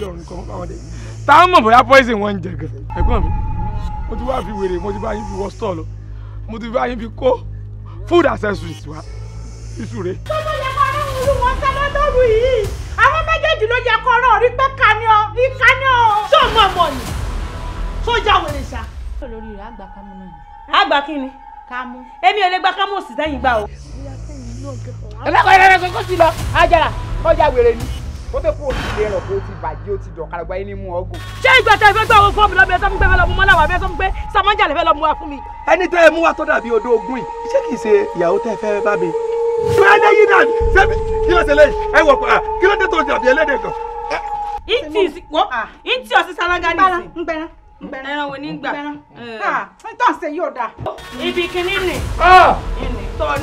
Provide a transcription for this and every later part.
mílíọ̀nù nǹkan mọ́ báwọn dé tá mọ̀ bóyá poison wọn ń jẹ gan ẹ̀gbọ́n mi mo ti wá fi wèrè mo ti bá yín fi wọ stọ̀ lọ mo ti bá yín fi kó food accessories wa ìsúre. tọ́lá yẹ kó ọ̀rọ̀ wúru wọn sábà lóru yìí àwọn méjèèjì ló yẹ kó ọ̀rọ̀ rí pé kání ọ rí kání ọ. ṣé o mọ̀ mọ̀ tó já wèrè ṣá. olórí rẹ̀ àgbà kámú náà. àgbà kí ni. kámú. èmi ò lè gba kámú òsì sẹ́yìn gbà o. ẹ lọ́kọ̀ọ́ yẹn lọ́kọ̀ọ́ sí lọ ajára kọjá wèrè ni kó tó kúrò nílé ẹ̀rọ pé ó ti bàjẹ́ ó ti dọ̀kadà gba ẹni mú ọgùn. ṣé ìgbà tẹ fẹ́ gbà owó fọ́ọ̀mù lọ́bẹ̀ sọ́mú pé fẹ́ lọ́mú mọ́láwà fẹ́ sọ́mú pé samanja lè fẹ́ lọ́mú wa fún mi. ẹni tẹ́ ẹ mú wa tó dàbí odò ogun yìí ṣé kìí ṣe ìyàwó tẹ́ fẹ́ bá mi. fẹ́ẹ́lẹ́ yìí náà sẹ́mi kí ló ṣẹlẹ̀ ẹ wọ̀ pa kí ló dé tó dàbí ẹlẹ́dẹ̀ kan ẹran wo ní gbà ẹ tó ṣe yóò dà. ibi kìíní nì.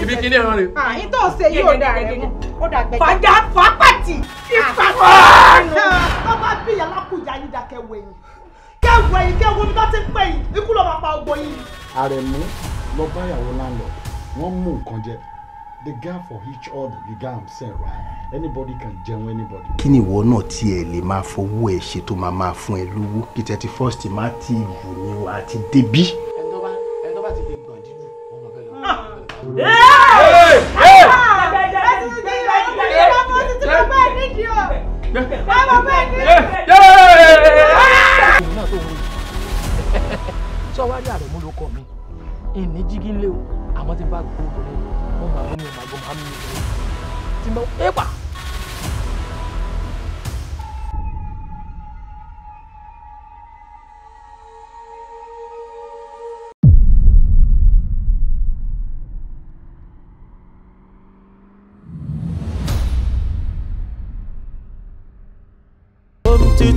ibi kìíní ẹran rè. ẹ tó ṣe yóò dà rẹ mú ó dà gbẹjọ. fàjà fàpàtì ìfàkọ́ ọ̀nà. bàbá bí alákùnjà yìí dà kẹwẹ́ yìí kẹwẹ́ yìí kẹwẹ́ mi bá ti pẹ́ yìí ikú ló máa pa ọgbọ yìí. àrẹ̀mú lọ báyàwó láńlọ wọ́n mú nǹkan jẹ they gather for each other The girl am say right anybody can jẹun anybody. kí ni ìwọ náà tí ẹ lè máa fowó ẹ ṣe tó máa máa fún ẹ lówó kí thirty first má ti yù ni o àti débí. ẹni tó bá ẹni tó bá ti lè gbọ̀n dídùn wọn máa fẹ́ lọ. Ah! sọ wá rí àrẹ̀mú ló kọ mi ìní jígí lé o àmọ́ tí bá gbogbo obìnrin wọn máa ń mú mi máa gbọ́ máa ń mú mi lọ tí mo ẹ pa.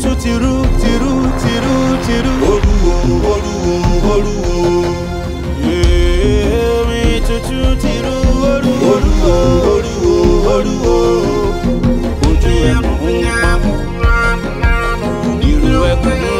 tún ti rú ti rú ti rú ti rú. olúwo olúwo olúwo. omi tuntun ti rú olúwo. olúwo olúwo olúwo. ojú ẹkùn irú ẹkùn.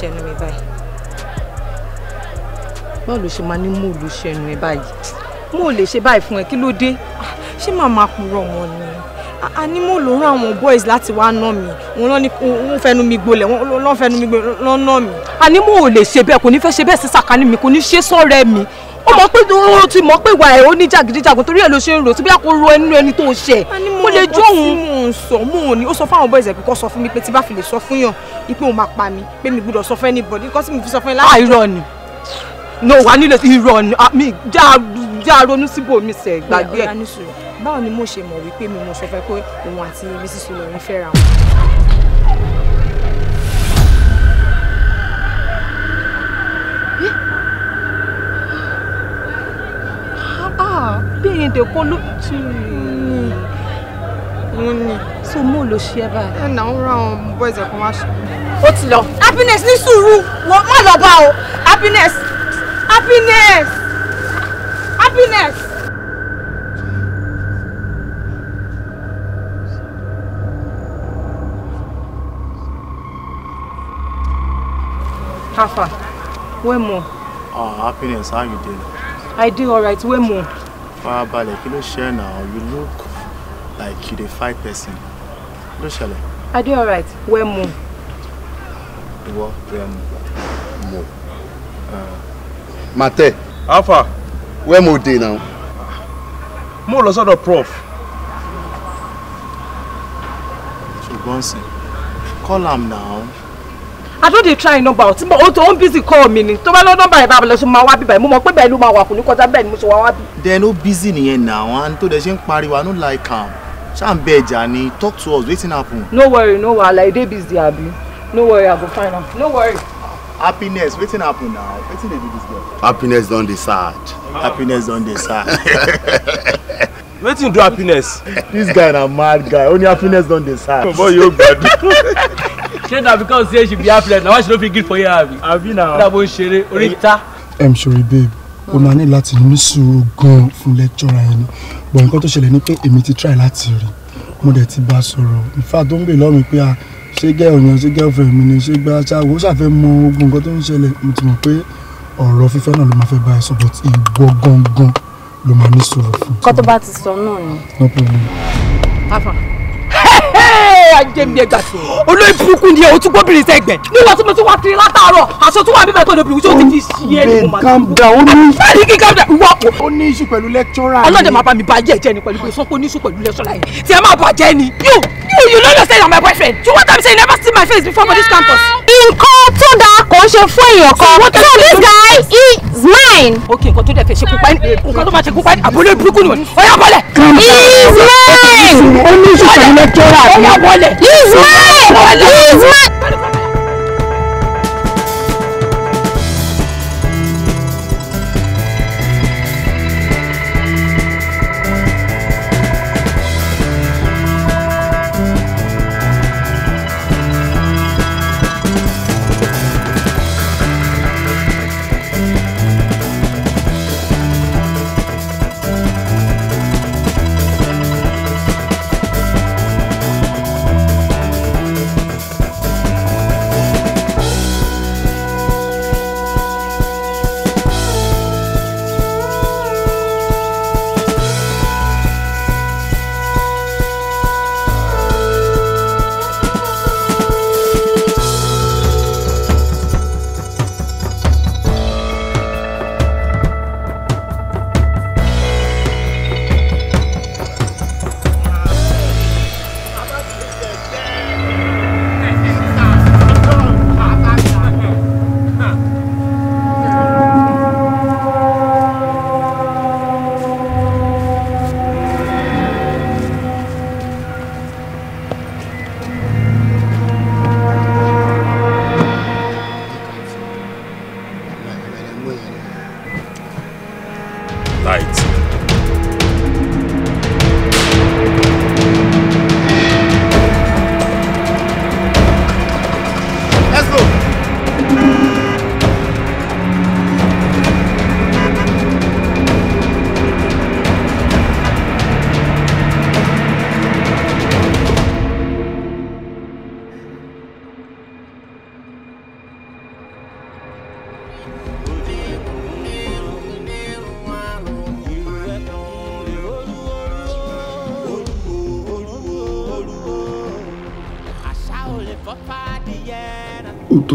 ṣẹnu mi báyìí. báwo ló ṣe máa ní mò ló ṣẹnu ẹ báyìí mò lè ṣe báyìí fún ẹ kí ló dé ah, ṣé màá máa purọ́ wọn ni a ní mò ló rán àwọn boys láti wá ná mi wọn lọ́n fẹnu mi gbolẹ̀ wọn lọ́n fẹnu mi gbolẹ̀ lọ́n ná mi. a ní mò lè ṣe bẹ́ẹ̀ kò ní fẹ́ ṣe bẹ́ẹ̀ sí sàkání mi kò ní ṣe sọ́ọ̀rẹ́ mi ó mọ̀ pé ó ti mọ̀ pé ìwà ẹ̀ ó torí ẹ̀ ló ṣe ń rò síbi àpò ro ẹnu ẹni tó ṣẹ̀ mo lè jó òun. mo ń sọ mo ò ní ó sọ fáwọn boys ẹ̀ pé sọ fún mi pé tí bá fi lè sọ fún yàn ipe òun máa pa mi pé mi gbọ́dọ̀ sọ fún anybody nǹkan tí mi fi sọ fún ẹ láti. Ah, irọ́ ni no wà nílẹ̀ irọ́ ni ah, mi já ronú síbò mi sẹ̀ gbàgbé ẹ̀. báwo ni mo ṣe mọ̀ wípé mi mo sọ fẹ́ pé òun àti Mrs. Olórin fẹ́ra ah bẹ́ẹ̀ dẹ̀ kọ́ ló ti ní wọn ni. so mo ló ṣe ẹ báyìí. ẹ nà ń ra àwọn boys ẹ̀ kan wá ṣe. ó ti lọ happiness ní sùúrù wọn má lọ bá o happiness happiness happiness. Alpha, where more? Ah, uh, happiness, how you doing? I do all right, where more? farabalẹ̀ kí ló ṣe ẹ̀nà you look like you dey fight person kí ló ṣẹlẹ̀. are you alright wẹ́ mu. ìwọ wẹ́ mu. mo ah. máa alpha. wẹ́ mo dey now. mo lọ sọ́dọ̀ prof. ṣùgbọ́n sìn call am now. I don dey try number ọtí mo o tó ń busy call mi ni tó bá lọ number yẹn bá lọ sí mo máa wá bí báyìí mo mọ̀ pé báyìí ló máa wà kò ní kọjá bẹ́ẹ̀ ni mo ṣe wá wá bí. then ó busy nìyẹn now and to dẹ̀ ṣe ń pariwo I no like am ṣáà ń bẹ ẹja ni talk to us wetin happen. no worry no wahala e dey busy abi no worry I go find am no worry. happiness wetin happen now wetin dey do this girl. happiness don dey sad. happiness don dey sad. wetin do happiness. This guy na mad guy only happiness don dey sad. you yóò gbádùn. ṣé na because say she be affluent na why she no fit gree for here abi. abi na o. dàbò ṣeré orí ta. ẹm sori babe o máa ní láti ní sùúrù gan-an fún lẹ́kítọ́ra ẹni bọ̀ nǹkan tó ṣẹlẹ̀ ni pé èmi ti try láti rí mo dẹ̀ ti bá a sọ̀rọ̀ ìfà tó ń bè lọ́rùn a ṣé gẹ́ ọ̀yàn ṣé gẹ́ ọ̀fẹ́ mi ni ṣé gba ṣáàwó ṣàfẹ́ mọ ogun nǹkan tó ń ṣẹlẹ̀ mo ti mọ̀ pé ọ̀rọ̀ fífẹ́ náà ló máa fẹ́ bá ẹ sọ but ìwọ gangan ló máa ní sọ̀rọ̀ fún. kọ́ bá ti sọ náà ni. no problem. afa ajé mi ẹgbà sí. olóyè burúkú ni ẹ o tún gbóbìnrin sẹ́gbẹ̀. níwọ̀n tí mo tún wá kiri látàárọ̀ aṣọ tó wà bíbẹ̀ tó lóbìnrin tí ti fi ṣí ẹ ní mo máa. down ó ní. Ah, bẹ́ẹ̀ni kí down wọ́n. ó ní iṣu pẹ̀lú lẹ́kítọ́rà yìí. ọlọ́dẹ máa bá mi ba ayé ẹ̀jẹ̀ ni pẹ̀lú pé sọ́kó ní iṣu pẹ̀lú lẹ́kítọ́rà yìí tí ẹ máa bàjẹ́ ni. you you you no know say na my boyfriend. you want am say you never see my face before for this campus. nǹkan tó dáa mò ń ṣe fún èèyàn kan so this guy is mine. ok nǹkan tó dẹ̀ fẹ́ ṣe pupa ní eh, nǹkan tó máa ṣe pupa ní àbúlé burúkú ni ó yá bọ́lẹ̀. is mine. ó ní ìṣòro lẹ́kítọ́rà. ó yá bọ́lẹ̀. is mine. is mine.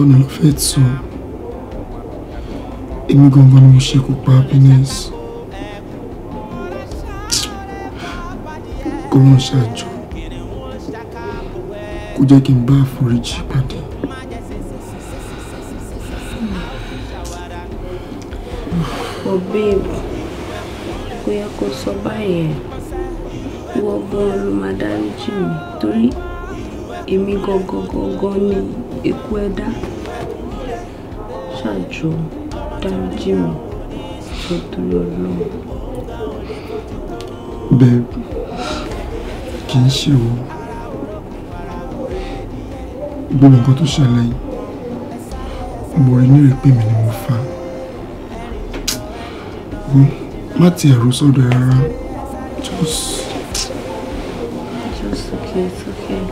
ni ló fẹ́ tù èmi gangan ni mo ṣekú pa happiness kó ló ń ṣàjọ kó jẹ́ kí n bá àforíjì pàdé. Oh babe, kò yẹ kó sọ báyẹn wọ gan ló máa dáríjì mi torí èmi gangan gangan ni èkú ẹ̀dá ṣáájú dáríjì mi nítorí ọlọ́run. bẹ́ẹ̀ kì í ṣe o gbogbo nǹkan tó ṣẹlẹ̀ yìí mo rí nírè pé mi ni mo fa má ti ẹ̀rù sọ́dọ̀ rárá just. okay it's okay.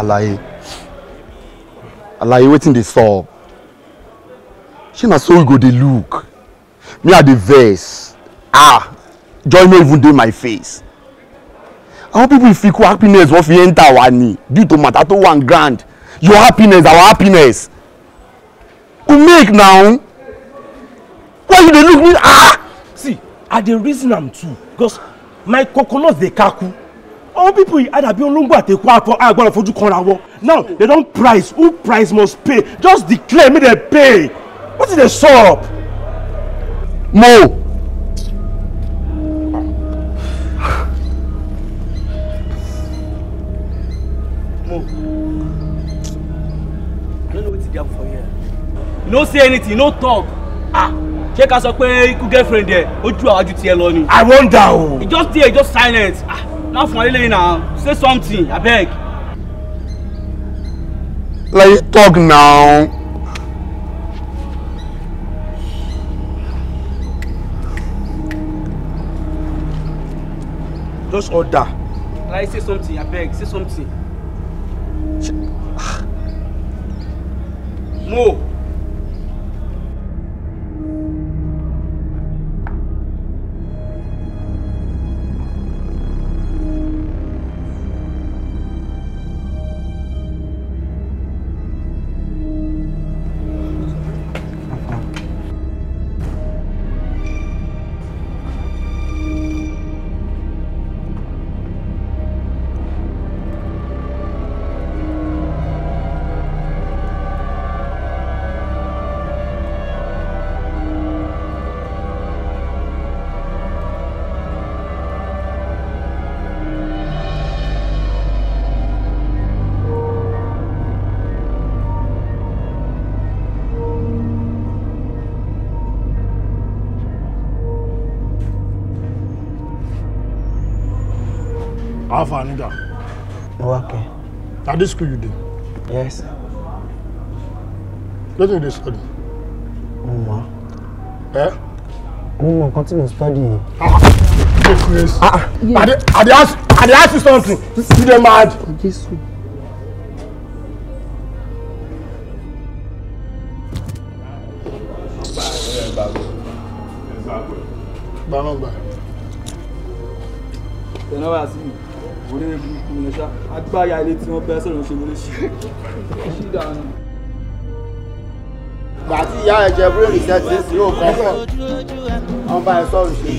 alaye alaye wetin dey sup shey na so we go dey look me i dey vex ah joy no even dey my face Our people ìfikún happiness wọ́n fi enter wa ni due to matter to one grand your happiness our happiness we make now why you dey look me ah. see i dey reason am too because my coconut dey kaku all people adabi olóńgbò àtẹkọ àtọ agbára fojú kanra wọn now they don price who price must pay just declare make dem pay What is the No. know wetin dey sup. mo. you no say anything you no talk ah ṣé ká sọ pé ikú girlfriend ẹ ojú àwájú tiẹ̀ lọ ni. i wonder o. he just dey just silent ah Now, for anything now. Say something, I beg. Let's talk now. Just order. Like say something, I beg. Say something. Mo. How far, Working. At this school you do Yes. Let me study. Mama. Eh? Mama, continue study. Ah, Jesus. Ah, yeah. I, did, I, did ask, I did ask you something. You did mad. Oh, Jesus. Bye, bye. You know what I see? yẹn ṣá ilé tí wọ́n bẹ́ sọ̀rọ̀ ṣe wọlé ṣe gbà tí ìyá ẹ jẹ brain research ní sí òkú ọkọ wọn bá ẹ sọ̀rọ̀ ṣe.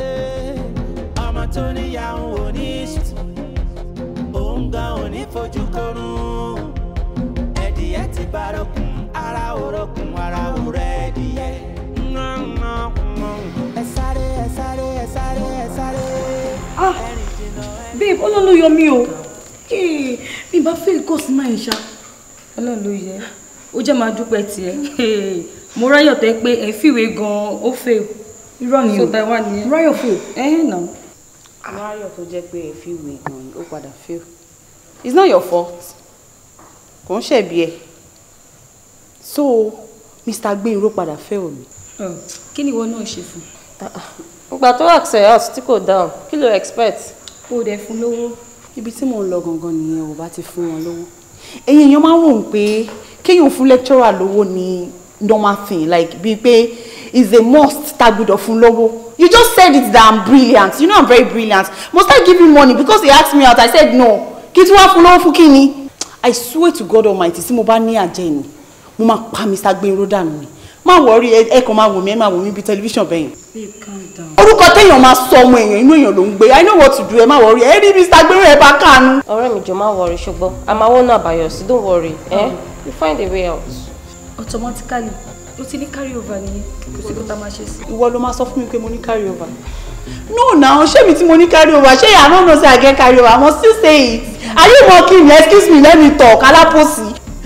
Eh, ọmọ tó níyàwó ò ní òun gan ò fojú korun ẹdìyẹ ti bá rọkùn ara òrọkùn ara òrẹ ẹdìyẹ. babe ọlọ́run ló yọ mí o mi bá fẹ́ kó sí máa ń ṣá. ọlọ́run ló yẹ ó jẹ́ máa dúpẹ́ tiẹ̀ mo ráyọ̀ tẹ́ pé ẹ̀ fìwé gan-an ó fẹ́ irọ́ ni o sọta wà ní. ráyọ̀ fẹ́ ẹ̀hìn náà. ráyọ̀ tó jẹ́ pé ẹ̀ fìwé gan-an ó padà fẹ́ it's not your fault kò ń ṣẹ̀bi ẹ̀ so Mr. Gbénró padà fẹ́ omi. kí ni ìwọ náà ṣe fún. Ah, ah. ìgbà tó accept tí kò dáhùn kí ló expect kó o dẹ̀ fún lówó ibi tí mò ń lọ gangan nìyẹn ò bá ti fún wọn lówó ẹ̀yin èèyàn máa ń ròhùn pé kéèyàn fún lecturer lówó ni normal thing like bíi pé is a must tá gbọ́dọ̀ fún lówó you just said it that i'm brilliant you know i'm very brilliant must i give you money because he asked me out i said no kí tí wàá fún lówó fún kí i swear to god almighty tí mo bá ní àjẹ́ ni mo máa pa mr gbẹ̀rọ dànù ni má wọrí ẹ kàn máa wò mí ẹ máa wò mí bíi tẹlifíṣàn bẹ́yìn. orúkọ téèyàn máa sọ ọmọ èèyàn inú èèyàn ló ń gbé i know what to do ẹ má wọrí ẹ rí mr gbẹrún ẹ bá kàánú. ọ̀rẹ́ mi jọ má wọrí ṣùgbọ́n àmàwọ́ náà àbáyọ sí don't worry oh. eh? you find a way out. automatically o ti ní carry over nìyẹn kò sí kó tá a máa ṣe sí. ìwọ ló máa sọ fún mi pé mo ní carry over no na ṣé mi tí mo ní carry over ṣé i no know i get carry over i must still say it are you mocking me excuse me let me talk alápòsí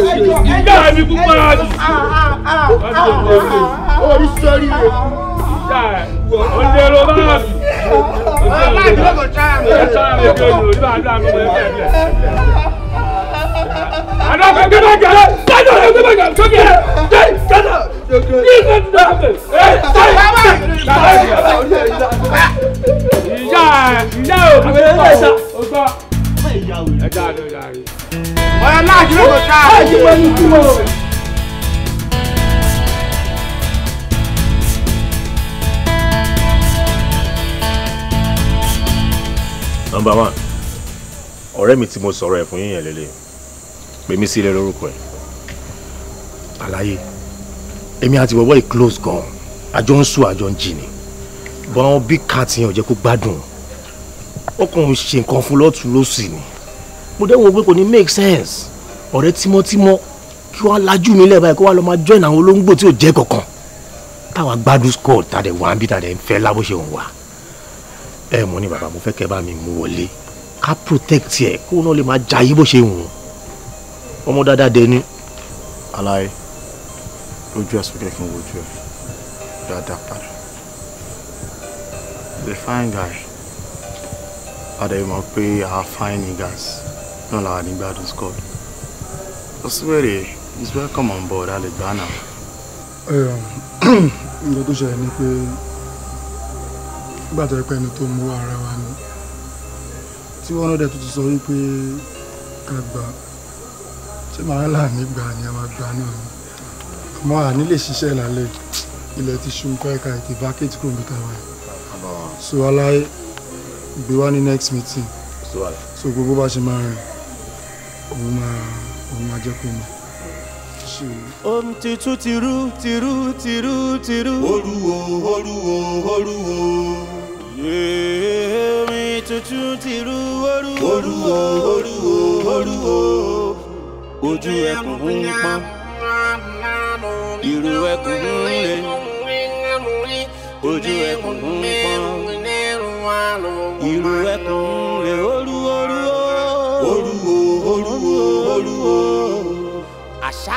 ìyá mi kú máa dùn. orí sọ́rí rẹ̀. Ọ̀dẹ ló bá mi. Ọ̀dẹ ló bá mi. Ọ̀dẹ ló bá mi. Àná kankan náà gẹ̀rẹ́, sáyọ̀ rẹ̀ gbé bàgà sókè rẹ̀, jẹ́ kẹ́tà, yìí ṣe ti dáa bẹ̀, ẹ̀ sáyọ̀ ìyá ìyá òbí mi sọ̀rọ̀, ó gbọ́, ẹja lórí ọ̀rọ̀ náà jù lọ ká. ó jí wọn ní kú wọn. nọmba one ọ̀rẹ́ mi tí mo sọ̀rọ̀ ẹ̀ fún yíyan lélẹ̀ pè mí sílẹ̀ lórúkọ ẹ̀ àlàyé èmi àti bọ̀bọ́ yìí close gan àjọ ń sùn àjọ ń jì ni bọ́n bí káàtì yẹn ò jẹ́ kó gbádùn ó kàn ń ṣe nǹkan fún lọ́tún lọ́sì ni mo dẹ́wọ̀n pé kò ní make sense ọ̀rẹ́ tímọ́tímọ́ kí wọ́n á lajú mi lẹ́ẹ̀bá yìí kó wá lọ máa join àwọn olóńgbò tí ò jẹ́ kankan táwa gbádùn squad tàdé wà ń bí tàdé ń fẹ́ lábó ṣe òun wà ẹ mọ̀ ni bàbá mo fẹ́ kẹ́ bá mi mú wọlé ká protect ẹ kó náà lè máa jayé bó ṣe wù ú ọmọ dáadáa dé ní. aláì ojú àsọkẹ́ kí n wojú ẹ dáadáa padà the fine guy adé mọ̀ pé our fine guys náà làwọn àdìgbàdùn squad ọsibẹ̀rẹ̀ is welcome on board a lè gbà náà. ǹjẹ́ tó ṣẹlẹ̀ ni pé nígbà tó rí pé ẹni tó mú ara wa ni tí wọ́n náà dẹ̀ tuntun sọ wípé ká gbà ṣé màá là nígbà ni a máa gbà náà ni àmọ́ àní lè ṣiṣẹ́ lálẹ́ ilẹ̀ ti ṣú kọ́ ẹ̀ka ètè vacate kúrò níta wa so aláì gbé wá ní next meeting so gbogbo bá ṣe máa rìn òun máa òun máa jẹ́ kó mọ̀. Om ti tú ti rú ti rú ti rú ti rú. Olúwo olúwo olúwo. Yéé omi tuntun ti rú olúwo. Olúwo olúwo olúwo. Ojú ẹkùn ń pọ́n. Ìrù ẹkùn ń le. Ojú ẹkùn ń pọ́n. Ìrù ẹkùn ń le.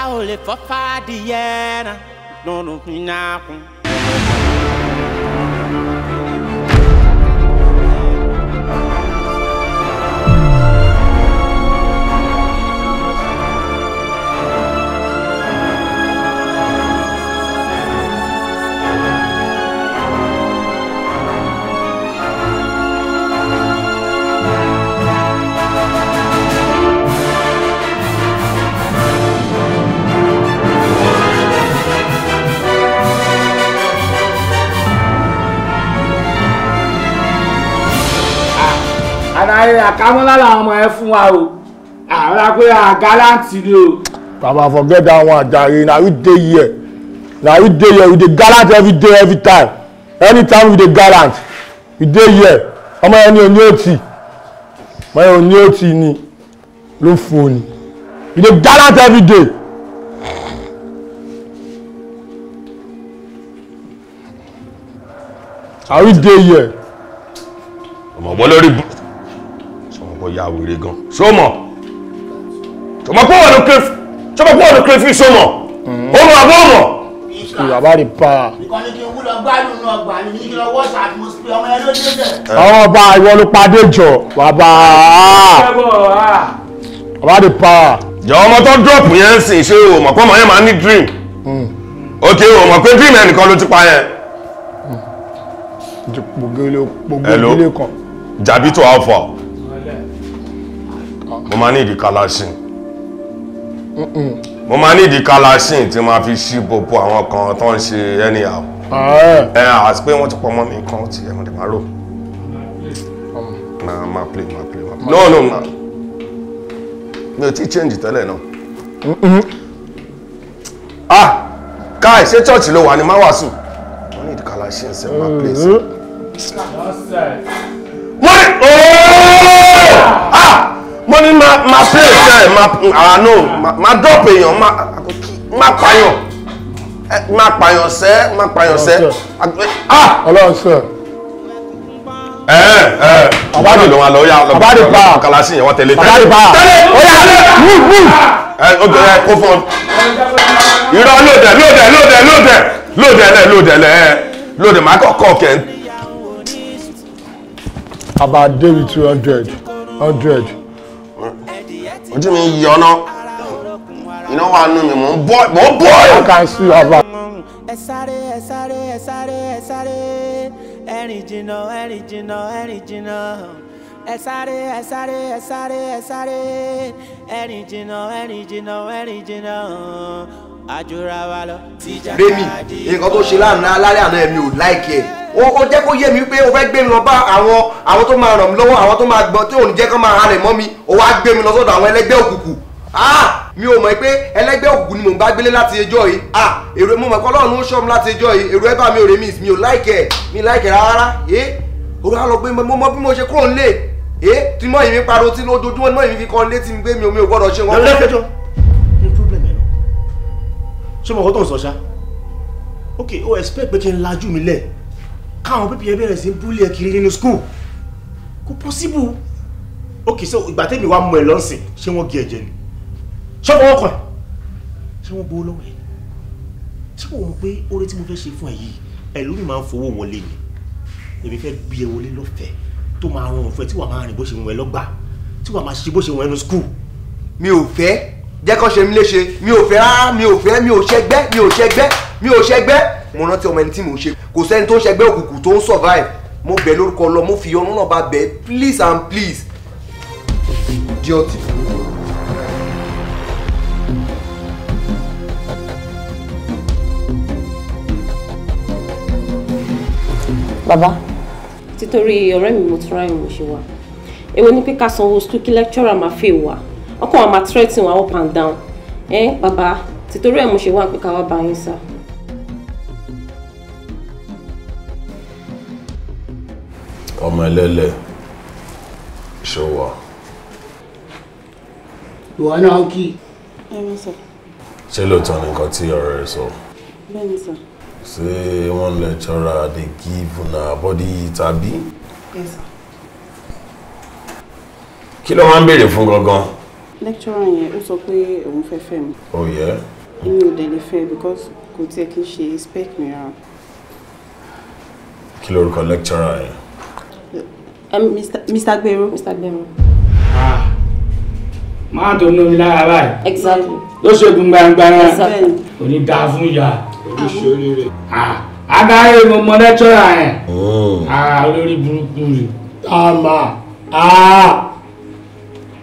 only for Fadiana. No, no, no, no. àkámọ́lá làwọn ọmọ ẹ fún wa o àwọn akpé àgáláǹtì ni o. bàbá forget that one àjàre na we dey here na we dey here we dey gallant every day every time anytime we dey gallant we dey here ọmọ yẹn ni òní òtì ọmọ yẹn òní òtì ni ló fún un ni we dey gallant every day. are we dey here. ọmọ ọmọ lórí ya wèrè gan sọmọ sọmọ pọ̀ wọ́n ló kéré sọmọ pọ̀ wọ́n ló kéré fi sọmọ ọmọ àbọ̀ ọmọ. ìyàbá rí pa. ọba ìwọ ló padé jọ bàbá ọba rí pa. jọ ọmọ tó dọ́ọ̀pù yẹn ń sìn ṣé o mọ̀ pé ọmọ yẹn máa ní dream mm. ok o mọ̀ pé dream ẹnìkan ló ti pa yẹn pogele mm. kan. jàbí tó alfa mo máa ní ìdí kalasin mo máa ní ìdí kalasin tí máa fi ṣí gbogbo àwọn kan tó ń ṣe anyhow ah. ẹ àti pé wọ́n ti pọ̀ mọ́ mi nǹkan ti ẹ̀ mo dẹ̀ máa rò máa máa play máa play máa play no no no mi ò tí change tẹ́lẹ̀ náà ah káì ṣé church ló wà ní máa wàásù mo ní ìdí kalasin ṣe máa play sí. Mm-hmm. wọ́n mo ní ma ma play ṣe ma ah no ma drop èèyàn ma ma pààyàn eh, ma pààyàn sẹ ma pààyàn sẹ ah Ọlọ́run sọ ẹ ẹ àbádì ló wà lọ yà lọ àbádì pa kàlásì yẹn wọn tẹlẹ tẹlẹ àbádì pa ó yà move move ẹ obìnrin kó fún ọ irọ́ lóde lóde lóde lóde lóde lẹ lóde lẹ eh. lóde màá kọ kọ kẹ. about david two hundred hundred ojú mi yọ ọ́nà iná wà nù mí mò ń bọ́ mò ń bọ́ ọ̀rọ̀. ká sí ọba. ẹ sáré ẹ sáré ẹ sáré ẹ sáré ẹrìn jìnnà ẹrìn jìnnà ẹrìn jìnnà ẹ sáré ẹ sáré ẹ sáré ẹ sáré ẹrìn jìnnà ẹrìn jìnnà ẹrìn jìnnà àjòra wa lọ. Rẹ́mi nǹkan tó ṣe lánàá alárẹ̀ àná ẹ̀mí ò láìkí ẹ̀ o jẹ́ kó yé mi pé o fẹ́ gbé mi lọ bá àwọn àwọn tó máa ràn mí lọ́wọ́ àwọn tó máa gbọ́n tí òun jẹ́ kó máa halẹ̀ mọ́ mi o wá gbé mi lọ sọ́dọ̀ àwọn ẹlẹ́gbẹ́ òkùnkùn ah mi ò mọ̀ pé ẹlẹ́gbẹ́ òkùnkùn ni mò ń bá gbélé láti ẹjọ́ yìí ah èrò mo mọ̀ pé ọlọ́run ń ṣọ́ mi láti ẹjọ́ yìí èrò ẹ bá mi ò rè mí mi ò láìkẹ̀ mi láìkẹ̀ rárá ẹ òru á lọ gbé mo mọ bí mo ṣe kúrò nílé ẹ tí mọ ìmí pariwo tí lójoojúmọ́ mọ ìmí fi kọ́ létí mi pé mi ò mi ò gbọ́dọ̀ ṣe wọn. lọ́lẹ́kẹ̀jọ́ ní problem ẹ̀ lọ ṣé mo kọ́ tó ń sọ ṣá ok o expect pé kí n lajú mi lẹ́ẹ̀ káwọn pípì ẹ bẹ̀rẹ̀ sí búlì ẹ kiri nínú skul kò pọ́síbù ok so ìgbà tẹ́mi wàá mú ẹ lọ́sìn ṣé wọ́n gé ẹ̀jẹ̀ ni ṣé wọ́n kọ̀ ẹ́ ṣé wọ́n gbowó lọ́wọ́ ẹ̀ ṣé wọ́n mọ̀ pé oore tí mo fẹ́ ṣe fún ẹ yìí ẹlòmíì máa ń fowó wọlé ni èmi fẹ́ bí ẹ wọlé lọ́fẹ̀ẹ́ tó máa rọrùn fún ẹ tí wàá máa rìn bó ṣe wọn ẹ lọ́gbà tí wàá máa ṣe bó ṣe wọn ẹnu skul. mi ò fẹ́ jẹ́ kó ṣe mi léṣe mi ò fẹ́ rárá mi ò fẹ́ mi ò ṣẹgbẹ́ mi ò ṣẹgbẹ́ mi ò ṣẹgbẹ́ mo rántí ọmọ ẹni tí mò ṣe kò sẹ́ni tó ń ṣẹgbẹ́ òkùnkùn tó ń survive mo bẹ̀ lórúkọ lọ mo fi ọ̀run náà bá bẹ̀ please and please. bàbá títorí ọ̀rẹ́ mi mo tún ráyè ṣe wà èwo ni pé ká sanwó school kí lecturer máa fẹ́ wà ọkọ̀ wa máa threaten wa up and down ẹ bàbá títorí ẹ̀ mo ṣe wà pé ká wá bá yín sá. ọmọ ẹlẹ́lẹ̀ ṣọwọ́. ìwọ náà kí. ṣé lóòótọ́ ni nǹkan tí ọ̀rọ̀ rẹ sọ. bẹ́ẹ̀ni sà. ṣé wọ́n lecturer dey give una body tàbí. yes sir. kí ló máa ń béèrè fún gangan. lecturer yẹn ó sọ pé òun fẹ́ fẹ́ mi. ó yẹ. èmi ò dẹ̀ lè fẹ́ because kò tiẹ̀ kí n ṣe spec mi kí lorúkọ lecturer yẹn. Mr. Um, Mr. Gbero. Mr. Gbero. Ah. Máa tó lórí lára báyìí. Exactly. Ló ṣègùn gbangbara. Exactly. Kò ní dáa fún ìyá. Oríṣiríire. Ah. Adáyé mo mọ lẹ́tọ́rà yẹn. Oh. Ah olórí burúkú rè. Àmà ah, ah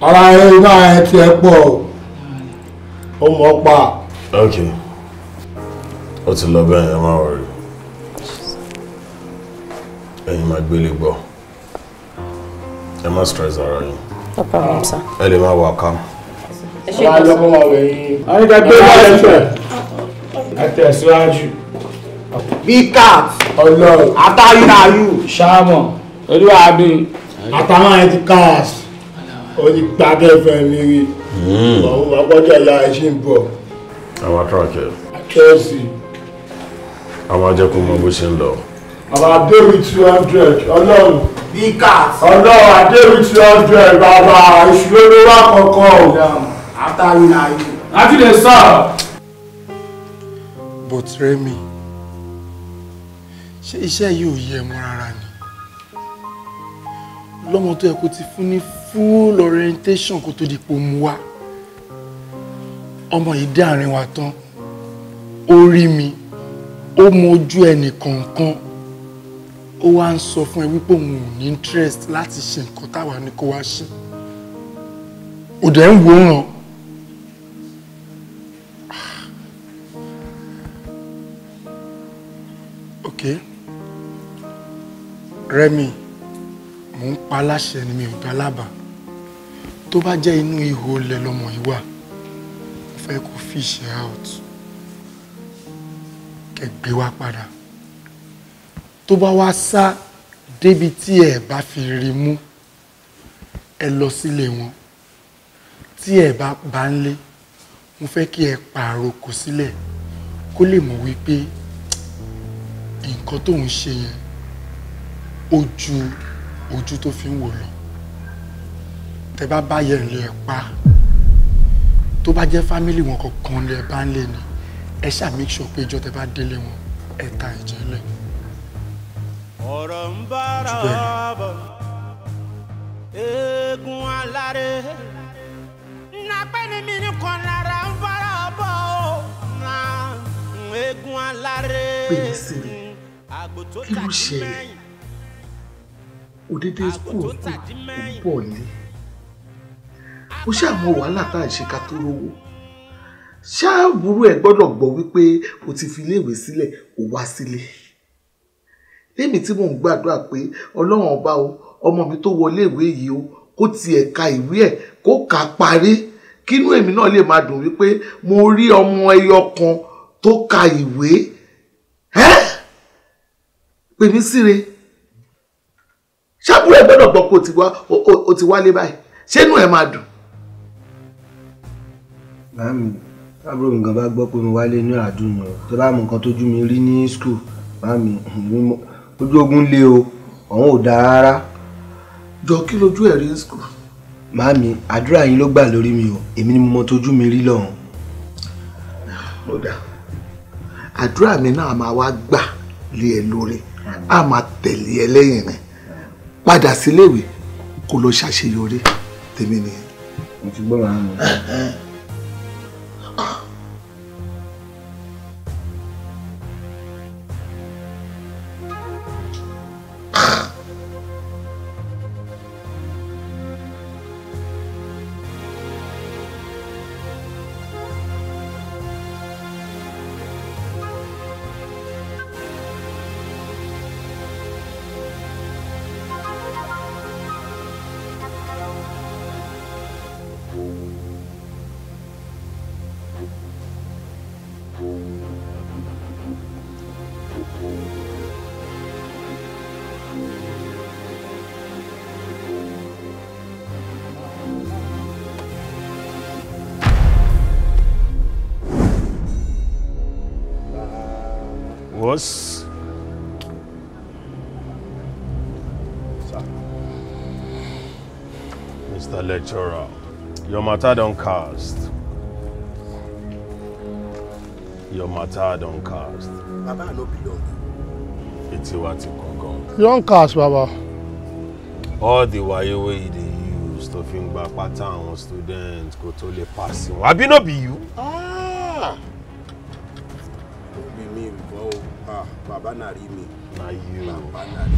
ara yẹn iná yẹn ti ẹ pọ̀ o. Ó mọ̀ pa. Ok, ó ti lọ bẹ́ẹ̀ ẹ máa wọ̀rẹ̀. Ẹ̀yin máa gbélé gbọ́ ẹ má stress ara yín. no problem sir. ẹ lè máa wà ká. ẹ ṣe kí n sọ. a ní ká gbé wá lẹ́sẹ̀. ẹ tẹ̀síwájú. bíkà ọlọ́run àtàyíráyù. ṣáàmọ̀ olúwa bí. àtàwọn ẹ̀ ti káàsì onígbàgẹ́fẹ́ mi rí hmm. ọ̀hún ọgbọ́jọ́ ìyá ẹ̀ ṣì ń bọ̀. àwọn atúrọ̀kẹ́. àkẹ́sì. àwọn ajẹ́kùn mọ bó ṣe ń lọ bàbá dé with two hundred ọlọ́run bíkà ọlọ́run adé with two hundred bàbá ìṣúlẹ̀ ló wà kọ̀ọ̀kan o. àtàrí náà yìí. láti lè sọ. but Remi ṣé iṣẹ́ yìí ò yẹ mọ́ rárá ni lọ́mọ tó yẹ kó ti fún ní full orientation kó tó di pò mú wa ọmọ yìí dé àárín wa tán ó rí mi ó mọ ojú ẹnì kọ̀ọ̀kan ó wá ń sọ fún ẹ wípé òun ò ní interest láti ṣe nǹkan táwa ni kó wá ṣe òdẹ ń wo ràn ok Rẹ́mi mò ń pa aláṣẹ ni mi ò dá lábàá tó bá jẹ́ inú ihò olè lọmọ yìí wà mo fẹ́ kó fish out kẹ́ gbé wá padà tó bá wá sá débi tí ẹ bá fi rí mú ẹ lọ sílé wọn tí ẹ bá bá ń lé mo fẹ́ kí ẹ pààrọ̀ kò sílẹ̀ kó lè mọ̀ wípé nǹkan tó ń ṣe yẹn ojú ojú tó fi ń wò lọ tẹ bá bá yẹn lè pa tó bá jẹ́ fámìlì wọn kankan lè bá ń lé ni ẹ ṣáà make sure pé ìjọ tẹ bá délé wọn ẹ ta ìjẹ́ lẹ̀ ọ̀rọ̀ ń bára ọ̀bọ̀ eégún aláré napẹ́ni mi nìkan lára ń bára ọ̀bọ̀ na eégún aláré àgbò tó tàdí mẹ́yìn ni ó ṣe àwọn wàhálà tá à ń ṣe ká tó lówó ṣáà burú ẹ gbọ́dọ̀ gbọ́ wípé o ti fi iléèwé sílẹ̀ o wá sílé. Si lèmi tí mò ń gbàdúrà pé ọlọ́run ọba o ọmọ mi tó wọlé ìwé yìí o kó tiẹ̀ ka ìwé ẹ̀ kó kà á parí kínú èmi náà lè máa dùn wípé mo rí ọmọ ẹyọ kan tó ka ìwé ẹ́ pè mí síre ṣàbúrò ẹ gbọ́ pé o ti wálé báyìí ṣé inú ẹ máa dùn. màámi tábúrò nǹkan bá gbọ́ pé mo wálé ní àdúnà tó bá mọ nǹkan tójú mi rí ní skul màámi ojú ogun lé o ọ̀hún ò dáa rárá. jọ kí lójú ẹ̀ rí skul. màámi àdúrà yín ló gbà lórí mi o èmi ni mo mọ tójú mi rí lọ́hùn. ó dáa àdúrà mi náà máa wá gbà lé ẹ lórí a máa tẹ̀lé ẹ lẹ́yìn rẹ̀ padà síléèwé kó lọ ṣàṣeyọrí tèmi nìyẹn. mo ti gbọ́ màá mi. aus. Mr. Lecturer, your matter don't cast. Your matter don't cast. Baba no belong. Eti wa ti You don't cast, Baba. All the way wey you use to think gba pata àwọn students go to the pass wọn. be no be you? Ah. na rí mi. Bàbá na rí mi.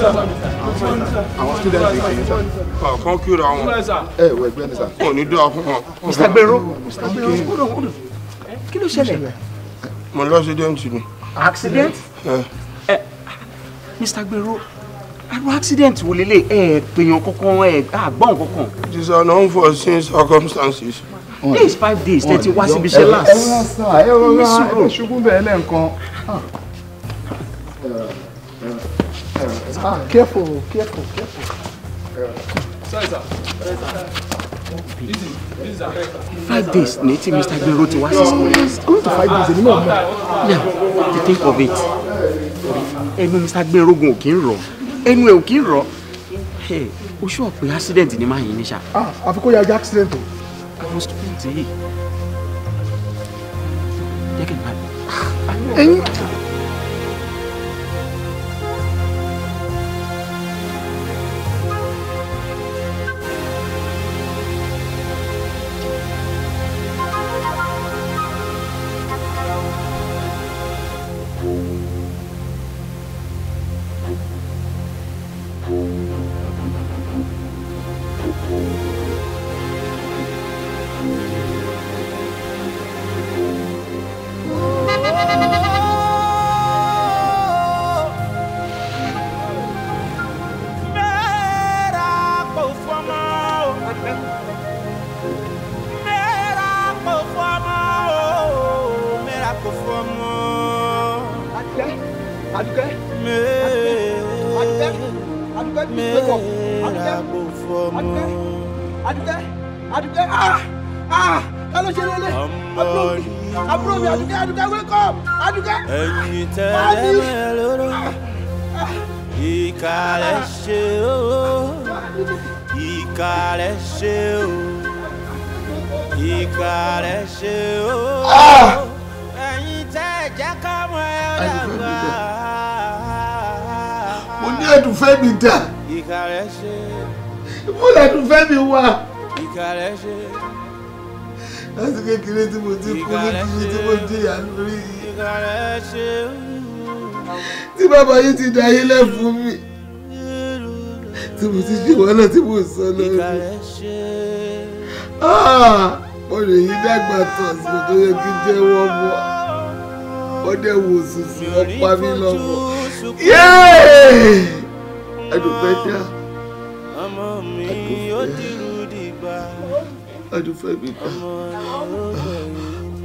àwọn students ní kìíní sá. kàn kíra wọn. ẹ wọ ẹgbẹ́ ni sá. wọn ò ní dọ́wọ́ fún wọn. mr gbèrò mr gbèrò kúrò kúrò kí ló ṣẹlẹ̀. mo lọ accident ni. accident. mr gbèrò àrùn accident wo lélẹ̀ ẹ̀ pèèyàn kankan ẹ̀ àgbọ̀n kankan. these are unforeseen circumstances days five days tẹ́tí wá síbi iṣẹ́ last. ẹ rọra ẹ ṣubú bẹ́ẹ̀ lẹ́ǹkan. Ah, careful, careful, careful. Sorry, sir. Sorry, This Five days, Niti, Mr. Gbero to us is going. It's going to five days, anymore? more. Now, to think of it, ẹnu Mr. Gbero gun ò kí ń rọ, ẹnu ẹ̀ ò kí ń O ṣọ́ pé accident ni máa yín ní ṣá. Ah, àfi kó ya jẹ́ accident o. Àwọn student yìí. Jẹ́ kí n mi Àdùkẹ́ Àdùkẹ́ wake up Àdùkẹ́. ẹ̀yin tẹ́lẹ̀ mẹ́ lóró ìkà lẹ ṣe o ìkà lẹ ṣe o ìkà lẹ ṣe o ẹ̀yin tẹ́ jẹ́ ká mọ̀ ẹ́ dàgbà. mo ní ẹ̀dùnfẹ́ mi dà. ìkà lẹ ṣe. mo lẹ̀dùnfẹ́ mi wà. ìkà lẹ ṣe láti kékeré tí mo ti kú nítorí tí mo jìyà lórí yìí tí bàbá yìí ti da ayé lẹ́fún mi tí mo ti ṣe wọ́n náà tí mo sọ lọ́rùn ah! mo lè yí dàgbà tán sí mo tó yẹ kí jẹ́ wọ́n mọ́ ó dẹ̀ wò sùsù ọ̀pá mi lọ́mọ yéé adùnfẹ́ dá adùnfẹ́ adùnfẹ́ mi gbà.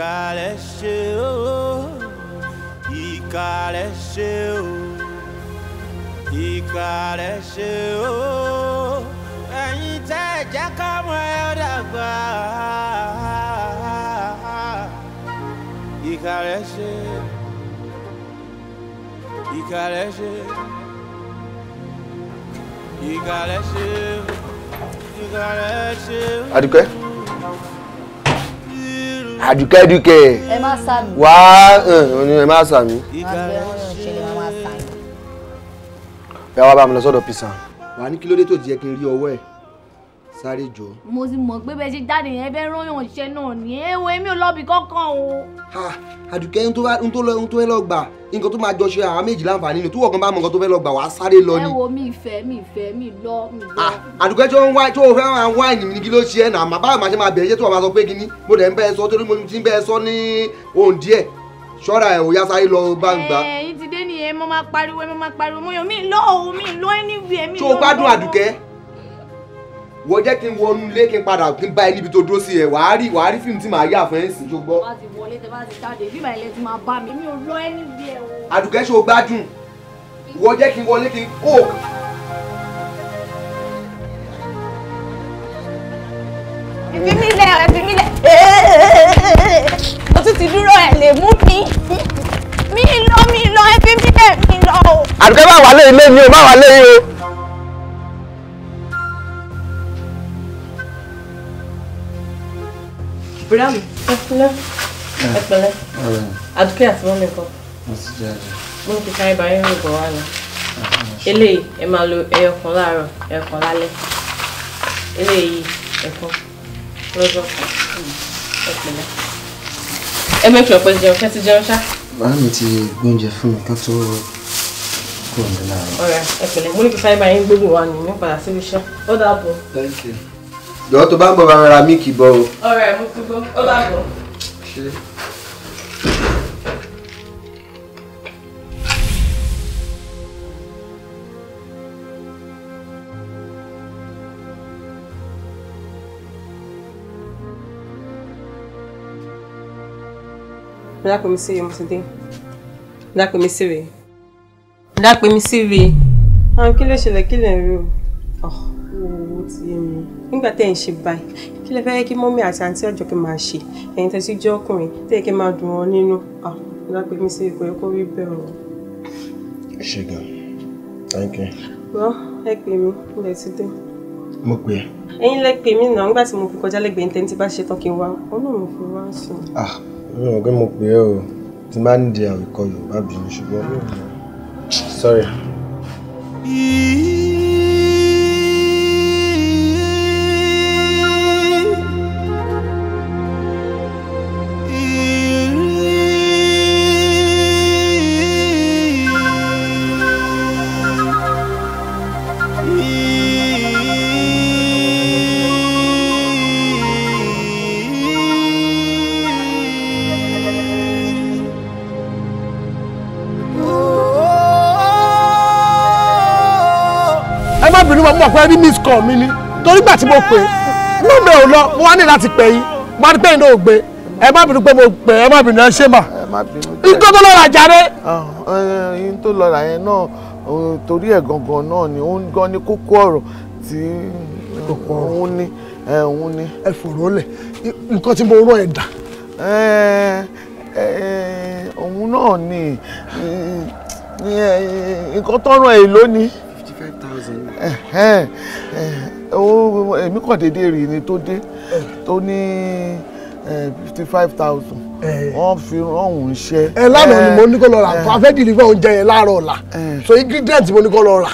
ìkà lẹ ṣe o ìkà lẹ o ìkà lẹ o ẹ̀yin tẹ́ ẹ jẹ́ ká mọ ẹ dàgbà ìkà lẹ ṣe ìkà lẹ àdùkẹ́dùkẹ́ wá ẹ má sàmì. ẹ wá bá mi lọ sọ́dọ̀ pisa. wà á ní kí ló dé tó jẹ́ kí n rí ọwọ́ ẹ̀ sáré jọ. mo ti mọ̀ pé bẹ́ẹ̀ ṣe jáde yẹn fẹ́ rán yàn iṣẹ́ náà ní ẹ̀wọ̀n èmi ò lọ́bì kankan o. ha àdùkẹ́ ń tó ń tó ń tó fẹ́ lọ gbà nǹkan tó máa jọ ṣe àwọn méjì láǹfààní ni tó wọ̀kan bá mọ nǹkan tó fẹ́ lọ gbà wá sáré lọ ni. ẹ wo mi ìfẹ́ mi ìfẹ́ mi lọ mi lọ. àdùkẹ́ tó ń wá tó fẹ́ máa wá ìnìyàn ní kí ló ṣe ẹ̀ nà báwo máa ṣe máa bẹ̀rẹ̀ tó wà máa sọ pé kíní mo dẹ̀ ń bẹ́ẹ̀ sọ torí mo ti ń bẹ́ẹ̀ sọ ní ohun díẹ̀ ṣọ́ra ẹ̀ ò yá sáré lọ bá ń gbà. ẹ ẹ ti dé nìyẹn mo máa pariwo mo máa pariwo mo yàn mí lọ òun mi lọ ẹni wo jẹ́ kí n wọnú ilé kí n padà kí n bá ẹ níbi tó dúró sí ẹ wàá rí wàá rí fíìmù tí màá yà fún ẹ ń tó gbọ́. bá ti wọlé tẹ bá ti jáde bí màá ilé ti máa bá mi mi ò lọ ẹni bí ẹ o. àdùkẹ́ ṣe o gbádùn wo jẹ́ kí n wọlé kí n kó. ẹ̀fín mi lẹ̀ tún ti dúró ẹ̀ lè mú mi mi lọ mi lọ ẹ̀fín mi lọ àdùkẹ́ bá wà lẹ́yìn lẹ́yìn o bá wà lẹ́yìn o. Bram, ẹ pẹ̀lẹ́. Ẹ pẹ̀lẹ́. Àdùkẹ́ àti mọ́mí kan. Mo ti kárí bá yín rògbò wá ni. Eléyìí ẹ máa lo ẹyọ kan láàárọ̀, ẹyọ mm. kan lálẹ́. Eléyìí ẹ̀kan lọ́jọ́ kan. Ẹ pẹ̀lẹ́. Ẹ mẹ́fì ọ̀pẹ jẹun, fẹ́ ti jẹun ṣá. Bàbá mi ti gbóúnjẹ fún mi kán tó kúrò ní láàárọ̀. Ọ̀rẹ́ ẹ pẹ̀lẹ́, mo ní kí sáré bá yín gbógun wa nìyí padà síbi iṣẹ́. Thank you jọ̀ọ́ tó bá ń bọ̀ bá rárá mí kì í bọ̀ o. ọ̀rẹ́ mo ti gbọ́ ó bá bọ̀. Dápẹ́ mi sí rèé mo ti dé. Dápẹ́ mi sí rèé. Dápẹ́ mi sí rèé. kí ló ṣẹlẹ̀ kí lè rí o? Ọ̀h, mo ti yé mi nígbà tẹ́ ẹ̀ ń ṣe báyìí kí lẹ fẹ́ kí mọ́mí àti àǹtí ọ̀jọ̀ kí máa ṣe ẹ̀yin tẹ́tí jẹ́ ọkùnrin tẹ́ ẹ̀ kí máa dùn wọn nínú ọ̀dàpẹ̀ ah, mi sí ipò ẹ̀kọ́ rí bẹ́ẹ̀ o. ṣe gan thank you. wọ́n ẹ pè mí ilẹ̀ ti dé. mo pè é. ẹ̀yin lẹ pè mí náà nígbà tí mo fi kọjá lẹ́gbẹ̀ẹ́ ní tẹ́ntì bá ṣe tán kí n wá ọlọ́run mo fi ah mi ò gbé mo pè é o tí n bá ń di àwìkọ yorùbá bì mí ṣùgbọ́n sorry. mọ̀ pé rí miss call mi ni torí gbà tí mo pè nọ́mbà ò lọ mo wá ní láti pè yín mo wá ní pé yín náà ò gbé ẹ má bínú pé mo pè ẹ má bínú ẹ ṣé mà ikú tó lọ́ra jáde. Ah, ẹyin tó lọ́ra yẹn náà torí ẹ̀ gangan náà ni ó ń gan ní kókó ọ̀rọ̀ tí òun ní òun ní. ẹ fòrò lẹ nǹkan tí mo rọ ẹ dà. òun náà ni nǹkan tọrọ ẹ lónìí èmi kàn déédéé rí ni tó dé tó ní fifty five thousand wọ́n fi rọ̀hún iṣẹ́. ẹ lánàá ni mo ní kó lọ rà a fẹ́ dìlífẹ́ oúnjẹ yẹn láàárọ̀ ọ̀la so ingredient mo ní kó lọ rà.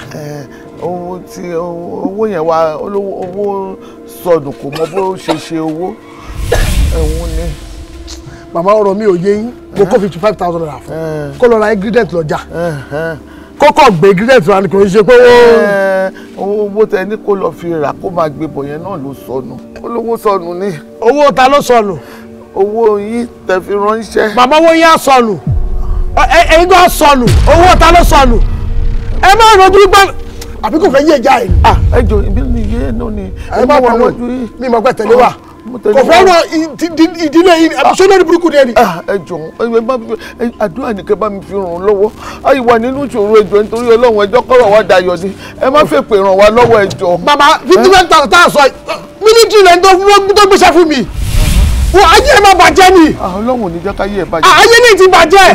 owó tí owó yẹn wá owó sọnù kò mọ bó ṣe ṣe owó ẹ̀hún ni màmá ọ̀rọ̀ mi ò yé yín mo kó fifty five thousand naira fún kó lọ ra ingredient lọ́jà kókó gbé gírẹ́ẹ̀tì wa ni kò ń ṣe pé ó. owó tẹ ní kó lọ fi rà kó máa gbé bọ̀ yẹn náà ló sọnù olówó sọnù ni. owó ta ló sọnù. owó yín tẹ fi ránṣẹ́. bàbá owó yín á sọnù ẹ̀yin gan sọnù owó ta ló sọnù ẹ má rojú gbọ́ àbí kò fẹ́ yé ìjà yìí. Ah. ẹ jọ ibi yé náà ni. ẹ má wọlé mi mọ̀ pẹ́ tẹ̀lé wa kò fọwọ́ ìdílé yìí àbísọ́lọ́rì burúkú ni ẹni. Ah, ẹ jọ̀ọ́ àdúrà nìkan bá mi fi ràn lọ́wọ́ ayé wa nínú ìṣòro ẹjọ́ nítorí ọlọ́run ẹjọ́ kọ́rọ̀ wa dayọ̀ ni ẹ má fẹ́ pè ràn wá lọ́wọ́ ẹjọ́. bàbá fifty one thousand tá a sọ mílítì rẹ̀ tó gbéṣẹ́ fún mi wọ́n ayé ẹ̀ má bàjẹ́ ni. Ah, ọlọ́run ò ní jẹ́ ká ah, ayé ẹ̀ bàjẹ́. ayé ni ti bàjẹ́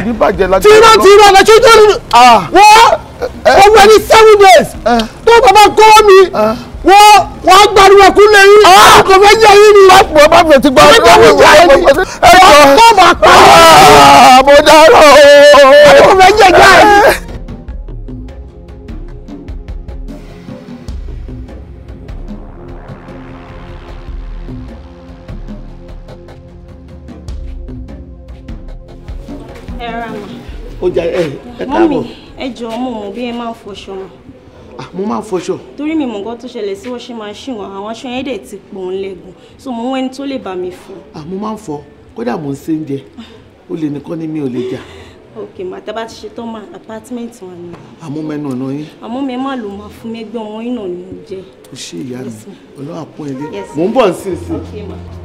tìrọ̀ tìrọ̀ lẹ́sọ̀ tó wọ́n wọ́n wẹ́ni seven days eh. tó bàbá kọ́ mi. Eh wọ́n wọ́n agbára kú lẹ́yìn ah! kò fẹ́ jẹ́ yín ni. báwo bá fẹ́ ti gbọ́ ọ́ ọ́ ọ́ ẹ jọ kọ́ máa pa á. mo dárò o. kò fẹ́ jẹ́ ah, jẹ́ yín. ó jà ẹ ẹ káàbọ̀. ẹ jọ̀ọ́ mo mọ̀ bí ẹ máa ń fọṣọ mọ́. Ah, mo máa ń fọṣọ. torí mi mọ̀ nǹkan tó ṣẹlẹ̀ sí washing machine wa àwọn aṣọ yẹn dẹ̀ ti pọ̀ ń lẹ́gùn so mo wẹ́ni tó lè bá mi fọ. Ah, mo máa ń fọ kódà mo ń ṣe oúnjẹ ó lè nìkan ni mi ò lè jà. ok màtá bá ti ṣe tán máa apartment wa ni. àmọ́ mẹ́nu ọ̀nà yín. àmọ́ mi máa lò máa fún mi ẹgbẹ́ ọmọ yín náà ní jẹ. o ṣe ìyá mi ọlọ́wà pọ́n ẹ lé mò ń bọ̀ nísinsìnyí.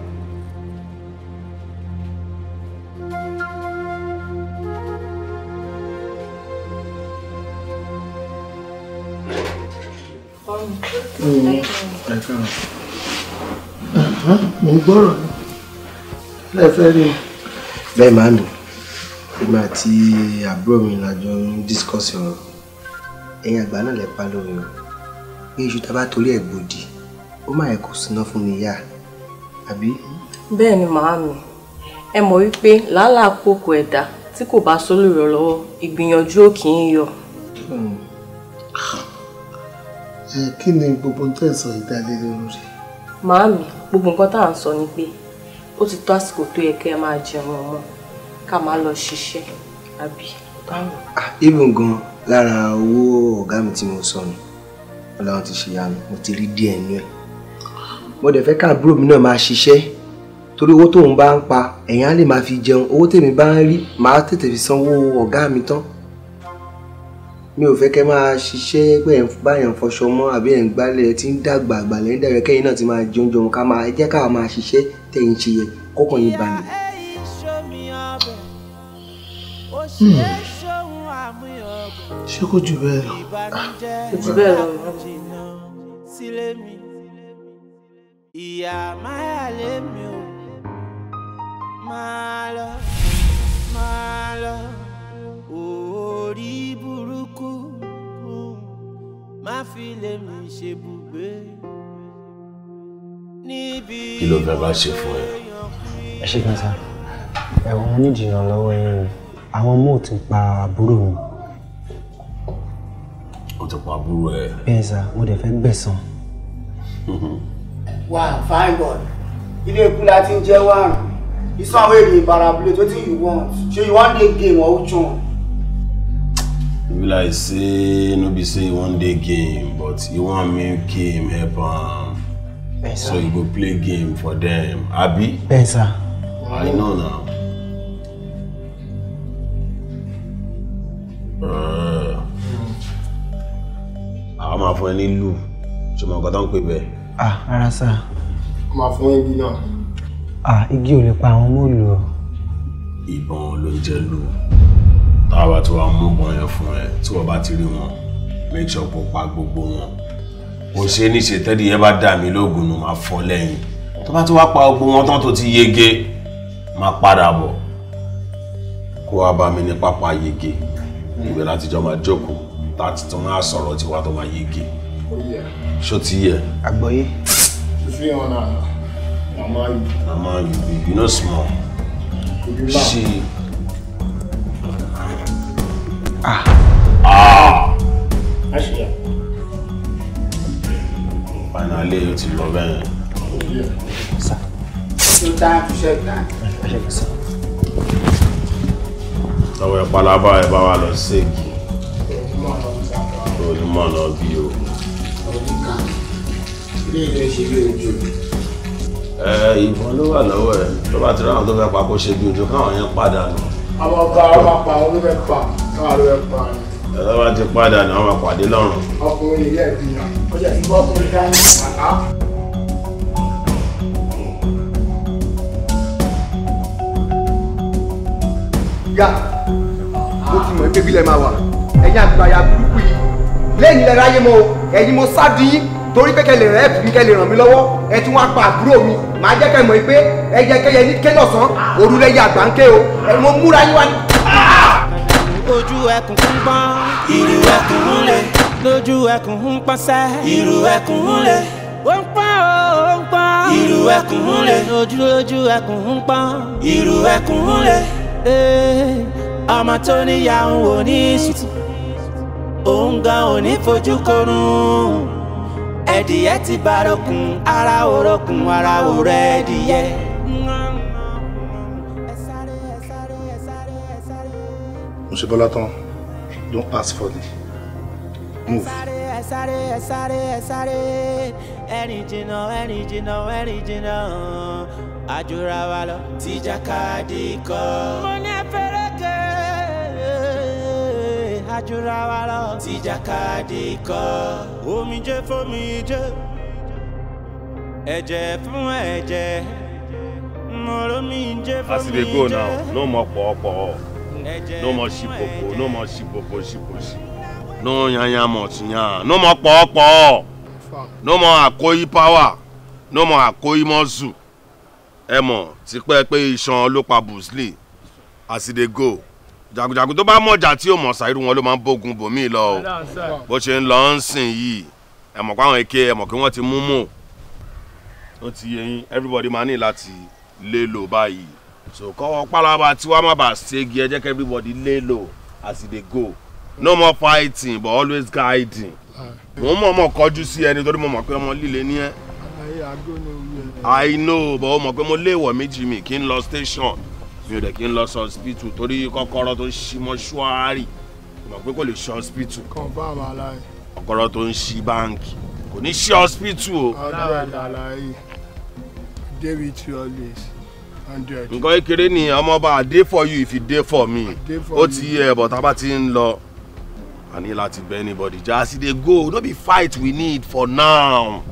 fẹ́ràn. mo ń gbọ́rọ̀ ni lẹ́fẹ́ rí o. bẹ́ẹ̀ máa mi èmi àti àbúrò mi làjọ ń discuss ọ̀rọ̀ ẹ̀yin àgbà náà lè pa lórí o pé iṣu tá a bá torí ẹ̀ gbòdì ó máa yẹ kó síná fún mi yá àbí. bẹ́ẹ̀ ni màá mi ẹ mọ̀ wípé làálàá kòkò ẹ̀dá tí kò bá sólùrọ̀ lọ́wọ́ ìgbìyànjú ò kì í yọ. Hmm kí ni gbogbo ń tẹ̀ sọ ìdálé lórí. màámi gbogbo nǹkan tá à ń sọ ni pé ó ti tó àsìkò tó yẹ kẹ́ ẹ máa jẹun ọmọ ká máa lọ ṣiṣẹ́ àbí báwo. even gan lára owó ọ̀gá mi tí mo sọnù ọlọ́run ti ṣe yanu mo ti rí díẹ̀ nú ẹ̀ mo dẹ̀ fẹ́ ká mi náà máa ṣiṣẹ́ torí owó tóun bá ń pa ẹ̀yìn á lè máa fi jẹun owó tèmi bá ń rí màá tètè fi sanwó ọ̀gá mi tán mi ò fẹ́ kẹ́ máa ṣiṣẹ́ pé ẹ̀ ń báyàn fọṣọ mọ́ àbí ẹ̀ ń gbálẹ̀ ẹ ti ń dàgbà àgbà lẹ́yìn dàgbà kẹ́yìn náà ti máa jẹ oúnjẹ ká máa jẹ́ káwa máa ṣiṣẹ́ tẹ̀ ṣe yẹ kọ́kàn yín balẹ̀. Hmm. ṣé kò jù bẹ́ẹ̀ lọ. kò jù bẹ́ẹ̀ lọ. ìyá máa lé mi ò máa lọ máa lọ orí burú má fi lé mi ṣe bùgbé. kí ló fẹ́ bá ṣe fún ẹ. ẹ ṣe gan sa ẹ̀wọ̀n mo nídìí ìrànlọ́wọ́ yín àwọn mò ti pa àbúrò mi. o ti pa àbúrò ẹ. bẹ́ẹ̀ sà mo dẹ̀ fẹ́ gbẹ̀san. wà á fine boy ilé ikú la ti ń jẹ́ wàrùn isanwó èrè ìbarabúlé tó ti you want ṣé you wan dey game or which one e be like say no be say e wan dey game but e wan make him help am so e go play game for dem abi. bẹ́ẹ̀ sá. i know na. àwọn máa fún ẹ nílùú ṣùgbọ́n nǹkan tó ń pè bẹ́ẹ̀. ah rárá sá. wọ́n máa fún igi náà. ah igi ò lè pa àwọn mọ́ọ̀lù o. ìbọn ló ń jẹ́ lù táwa tí wàá mú bọn yẹn fún ẹ tí wọn bá ti rí wọn make sure kó pa gbogbo wọn kò ṣe é níṣe tẹ́lẹ̀ yẹn bá dà mí lóògùn nù máa fọ́ lẹ́yìn tó bá ti wá pa gbogbo wọn tán tó ti yege máa padà bọ̀ kó wá bá mi ní pápá yege ìwé láti jọ máa jókòó láti tún máa sọ̀rọ̀ tiwa tó máa yege ṣó ti yẹ. àgbọ̀yé. fi hàn náà mama you mama you know no small she. Ah. Ah. Àṣìyà. Finally, ó ti lọ bẹ́ẹ̀. Sá. Ṣé o dáhùn fi ṣe dáhùn? Ẹ ṣe sá. Lọ́wọ́ ẹ palaba ẹ bá o lọ séèkì. Onímọ̀ náà bí o. Ilé ìlú ṣe bí ojú. Ẹ ìbọn ló wà lọ́wọ́ ẹ̀ tó bá ti ráhùn tó fẹ́ pa kó ṣe bí ojú káwọn yẹn padà nù. Àwọn ọba ọba pa olú fẹ́ pa ẹ̀rọ bá ti padà ní àwọn àpàdé lọ́rùn. ọkùnrin ilé ẹ̀bí náà ọjà tí wọ́n kún dání pàtà. yá mo ti mọ̀ pé bílẹ̀ máa wà ẹ̀yin àgbàyà burúkú yìí lẹ́yìn lẹ́ra ayé mo ẹ̀yin mo sáàdì yín torí pé kẹ́ lè rẹ́ ẹ̀bùn kẹ́ lè ràn mí lọ́wọ́ ẹ tún wá pa àbúrò mi màá jẹ́ kẹ́ mọ̀ pé ẹ̀yẹ kẹ́yẹ ní kẹ́lọ̀sán òru lẹ́yìn àgbà ń ké o ẹ̀ mo múra yín wá ní lójú ẹkùn ń gbọ́n. irú ẹkùn ń lè. lójú ẹkùn ń pọ́nsẹ́. irú ẹkùn ń lè. ó ń pọ́n ó ń pọ́n. irú ẹkùn ń lè. lójú lójú ẹkùn ń pọ́n. irú ẹkùn ń lè. Eh, ọmọ tó níyàwó ò ní sùtù òun gan ò ní fojú korun ẹdìyẹ ti bá rokùn ara òrokùn ara òrò ẹdìyẹ. Monsieur Bolatan, don't ask for this. Move. Sáré, sáré, sáré, ẹni jìnnà, ẹni jìnnà, ẹni jìnnà, àjùra wa lọ. Tìjàkadì kọ́. Mo ní ẹ̀fẹ̀rẹ̀kẹ̀, àjùra wa lọ. Tìjàkadì kọ́. Omijé fomijé, ẹ̀jẹ̀ fún As we dey go now, no more pọ̀ọ́pọ̀ọ́ no more shipoko no more shipoko shiposhi no yanya mọtinya no more pọọpọọ no more akoyi power no more akoyi mọzu ẹ mọ̀ tipẹ́ pé iṣan ló pa Bruce Lee as e dey go jagunjagun tó bá mọ̀jà tí ó mọ̀ ṣàìrú wọn ló máa ń bógun bòmí lọ o bó ṣe ń lọ ń sìn yìí ẹ mọ̀ páwọn èké ẹ mọ̀ kí wọ́n ti mú mò ó ti yẹ yín everybody máa ní láti lé lò báyìí so kọ́wọ́ pálábá tí wàá má bàa ṣégi ẹ kí everybody lay low as e dey go no more fighting but always guiding mo mọ̀ mọ̀ kọjú sí ẹni torí mo mọ̀ pé ọmọ líle ní ẹ. I know but o mọ̀ pé mo léèwọ̀ méjì mi kí n lọ station mi ò dẹ̀ kí n lọ hospital torí kọ́kọ́rọ́ tó ń ṣí mọ́ṣúárì mo mọ̀ pé kò lè ṣe hospital. kàn bá àwọn aláì. kọ́kọ́rọ́ tó ń ṣí báńkì kò ní ṣe hospital o. ọ̀dọ́ àlàyé David always nǹkan kékeré ni ọmọọba i dey for you if you dey for me ó ti yẹ but abá ti ń lọ i need láti bẹ anybody Just as e dey go no be fight we need for now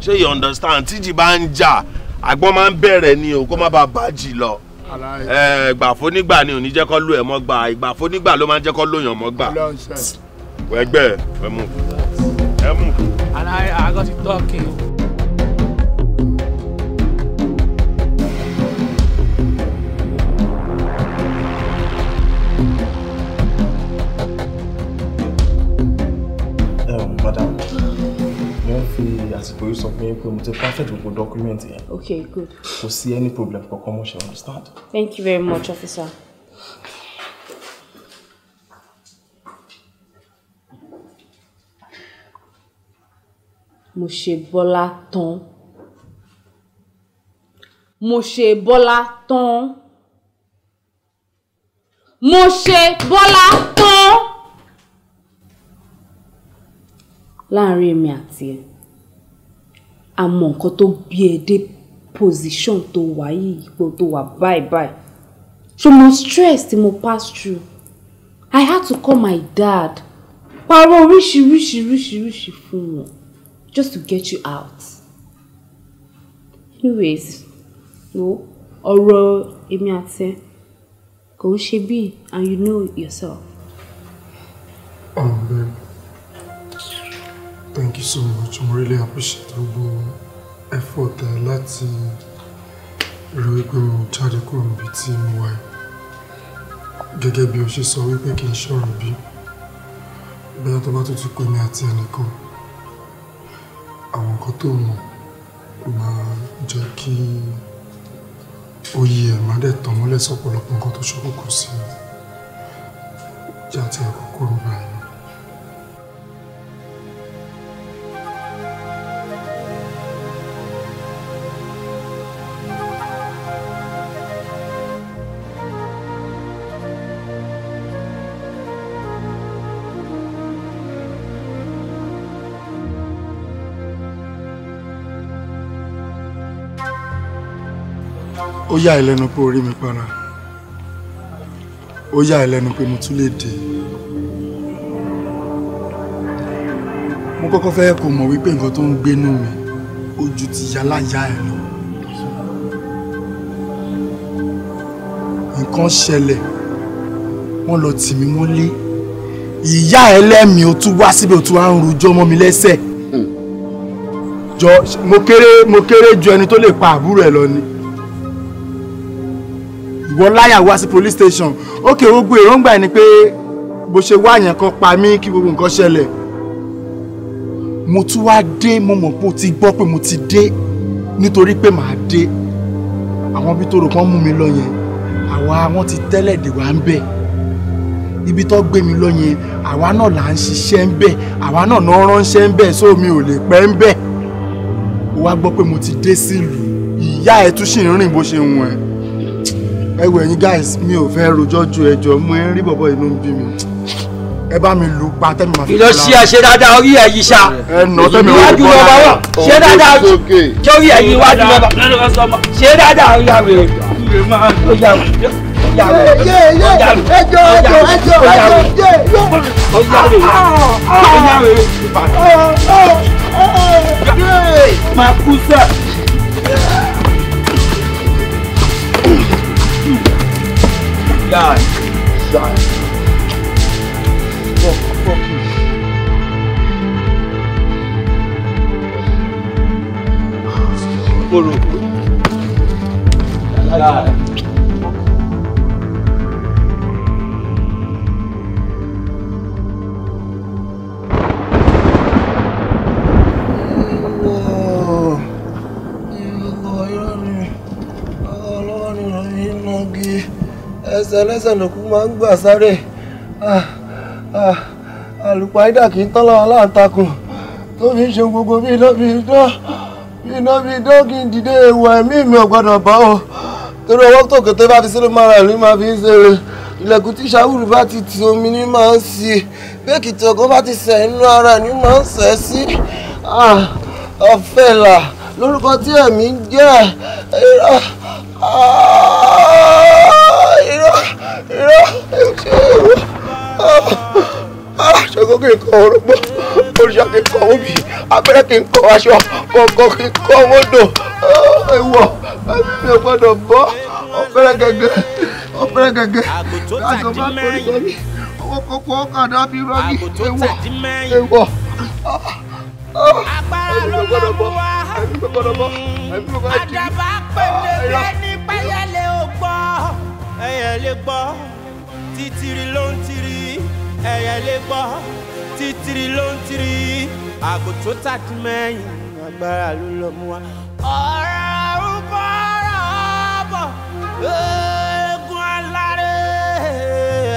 ṣé you understand tíjì bá ń jà àgbọn máa ń bẹ̀rẹ̀ ni o kó má bàa bá jì lọ gbàfó nígbà ni ò ní jẹ́ kó lù ẹ̀ mọ́ gbà ìgbàfó nígbà ló máa ń jẹ́ kó lóyàn mọ́ gbà wẹ́gbẹ́ ẹ mú ẹ mú. and i i got it talking. pé ó sọ pé pé perfect gbogbo document yẹn. okay good. kò see any problem for mo ṣe understand. thank you very much officer. mo bola ton. tán bola ton. bọ́lá bola ton. Larry, bọ́lá tán a mọ nǹkan tó gbé ẹ dé position tó wà yìí ipò tó wà bye. báyìí so mo stress tí mo pass through i had to call my dad pàrọ̀ oríṣiríṣiríṣiríṣi fún wọn just to get you out anyways no ọ̀rọ̀ èmi àti ẹ kò ń ṣe bíi and you know yourself. Oh, man thank you so much mo really appreciate gbogbo effort ẹ eh, láti rí wípé mo jáde kúrò níbi tí mo wà gẹ́gẹ́ bí o ṣe sọ wípé kì í ṣọ̀rọ̀ bí bóyá tó bá tún ti pè mí àti ẹnìkan àwọn nǹkan tó mọ̀ máa jẹ́ kí oyè ẹ̀ má dẹ̀ tàn mọ́lẹ̀ sọ̀pọ̀lọpọ̀ nǹkan tó ṣokùnkùn sí i jáde àkókò ń báyìí. yà ẹ́ lẹ́nu pé orí mi para ó yà ẹ́ lẹ́nu pé mo tún lè dé mo kọ́kọ́ fẹ́ kó mọ̀ wípé nǹkan tó ń gbénú mi ó ju ti yálàyà ẹ̀ lọ nǹkan ṣẹlẹ̀ wọ́n lọ tì mí mọ́lé ìyá ẹlẹ́mìí ó tún wá síbẹ̀ ó tún wá ń rojọ́ mọ́ mi lẹ́sẹ̀ hmm. jọ mo kéré mo kéré ju ẹni tó lè pa àbúrò ẹ̀ lọ ni ìwọ láyà wá sí police station ókè ogbó èròǹgbà ẹni pé bó ṣe wá yẹn kan pa mí kí gbogbo nǹkan ṣẹlẹ̀ mo tún wá dé mo mọ̀ pé o ti gbọ́ pé mo ti dé nítorí pé màá dé àwọn ibi tó rò kán mú mi lọ yẹn àwa wọn ti tẹ́lẹ̀ dè wá ń bẹ̀ ibi tó gbé mi lọ yẹn àwa náà là ń ṣiṣẹ́ ń bẹ̀ àwa náà náà ránṣẹ́ ń bẹ̀ so mi ò lè pẹ́ ń bẹ̀ o wá gbọ́ pé mo ti dé sílùú ìyá ẹ̀ tún ṣì ń rìn bó ṣe ń wọ̀n ẹ́ ẹ wò ẹ̀yin guys mi ò fẹ́ rojọ́ ju ẹjọ́ mo ń rí bọ̀bọ̀ inú bí mi ẹ bá mi lu pa tẹ́mi máa fi kọ́lá. ìlọsí àṣẹ dáadáa orí ẹ̀ yìí ṣá. ẹ nà tẹ́mi orí kọ́lá ìwádìí lọ́ba wà dáadáa ṣé orí ẹ̀ yìí ìwádìí lọ́ba ṣé dáadáa orí àwẹ̀ ọjà ọjà ẹjọ́ ẹjọ́ ẹjọ́ ẹjọ́ ọjà rẹ̀ ọjà rẹ̀ máa kú sẹ́ẹ̀. God. Die. Fuck, fuck you. Follow. Die. ẹlẹ́sẹ̀ lòkú máa ń gbà sáré àlùpàídà ah, ah, kì í tọ́lọ́ aláǹtakùn tó fi ń ṣe gbogbo bí iná bí iná bí iná bí iná kì í dìde ìwà ẹ̀mí mi ò gbọ́dọ̀ bá o torí ọwọ́ tó kété bá fi sínú mara ìlú máa fi ń ṣeré ilẹ̀kùn tí sàwùrù bá ti ti omi ní máa ń sí bẹ́ẹ̀kì tí ọgọ́ bá ti sẹ̀ inú ara ní máa ń sẹ̀ sí ah, ọ̀fẹ́là lórúkọ tí ẹ̀mí ń jẹ́ ẹ̀rọ irọ́ aṣọ́gbó kì í kọ orógbó olùṣọ́ kì í kọ obì abẹ́rẹ́ kì í kọ aṣọ kọ̀ọ̀kan kì í kọ wọ́dọ̀ ẹ̀wọ̀ mi ò gbọ́dọ̀ bọ́ ọ̀bẹ̀rẹ̀ gẹ́gẹ́ ọ̀bẹ̀rẹ̀ gẹ́gẹ́ láti ọba torí kan ní ọwọ́ kọ́kọ́ ọ̀kadà fi rọ́ ní ẹ̀wọ̀ ẹ̀wọ̀ àdàbà pèlè ní pẹ́yẹ́lẹ́ ò gbọ́ ẹ̀yẹ́ lè gbọ́ títìrì ló ń tìrì ẹyẹ lè gbọ́ títìrì ló ń tìrì àgò tó tàdí mẹ́yìn agbára ló lọ mú wa. ọ̀rọ̀ ń bọ̀ ọ̀rọ̀ bọ̀ eégún alárè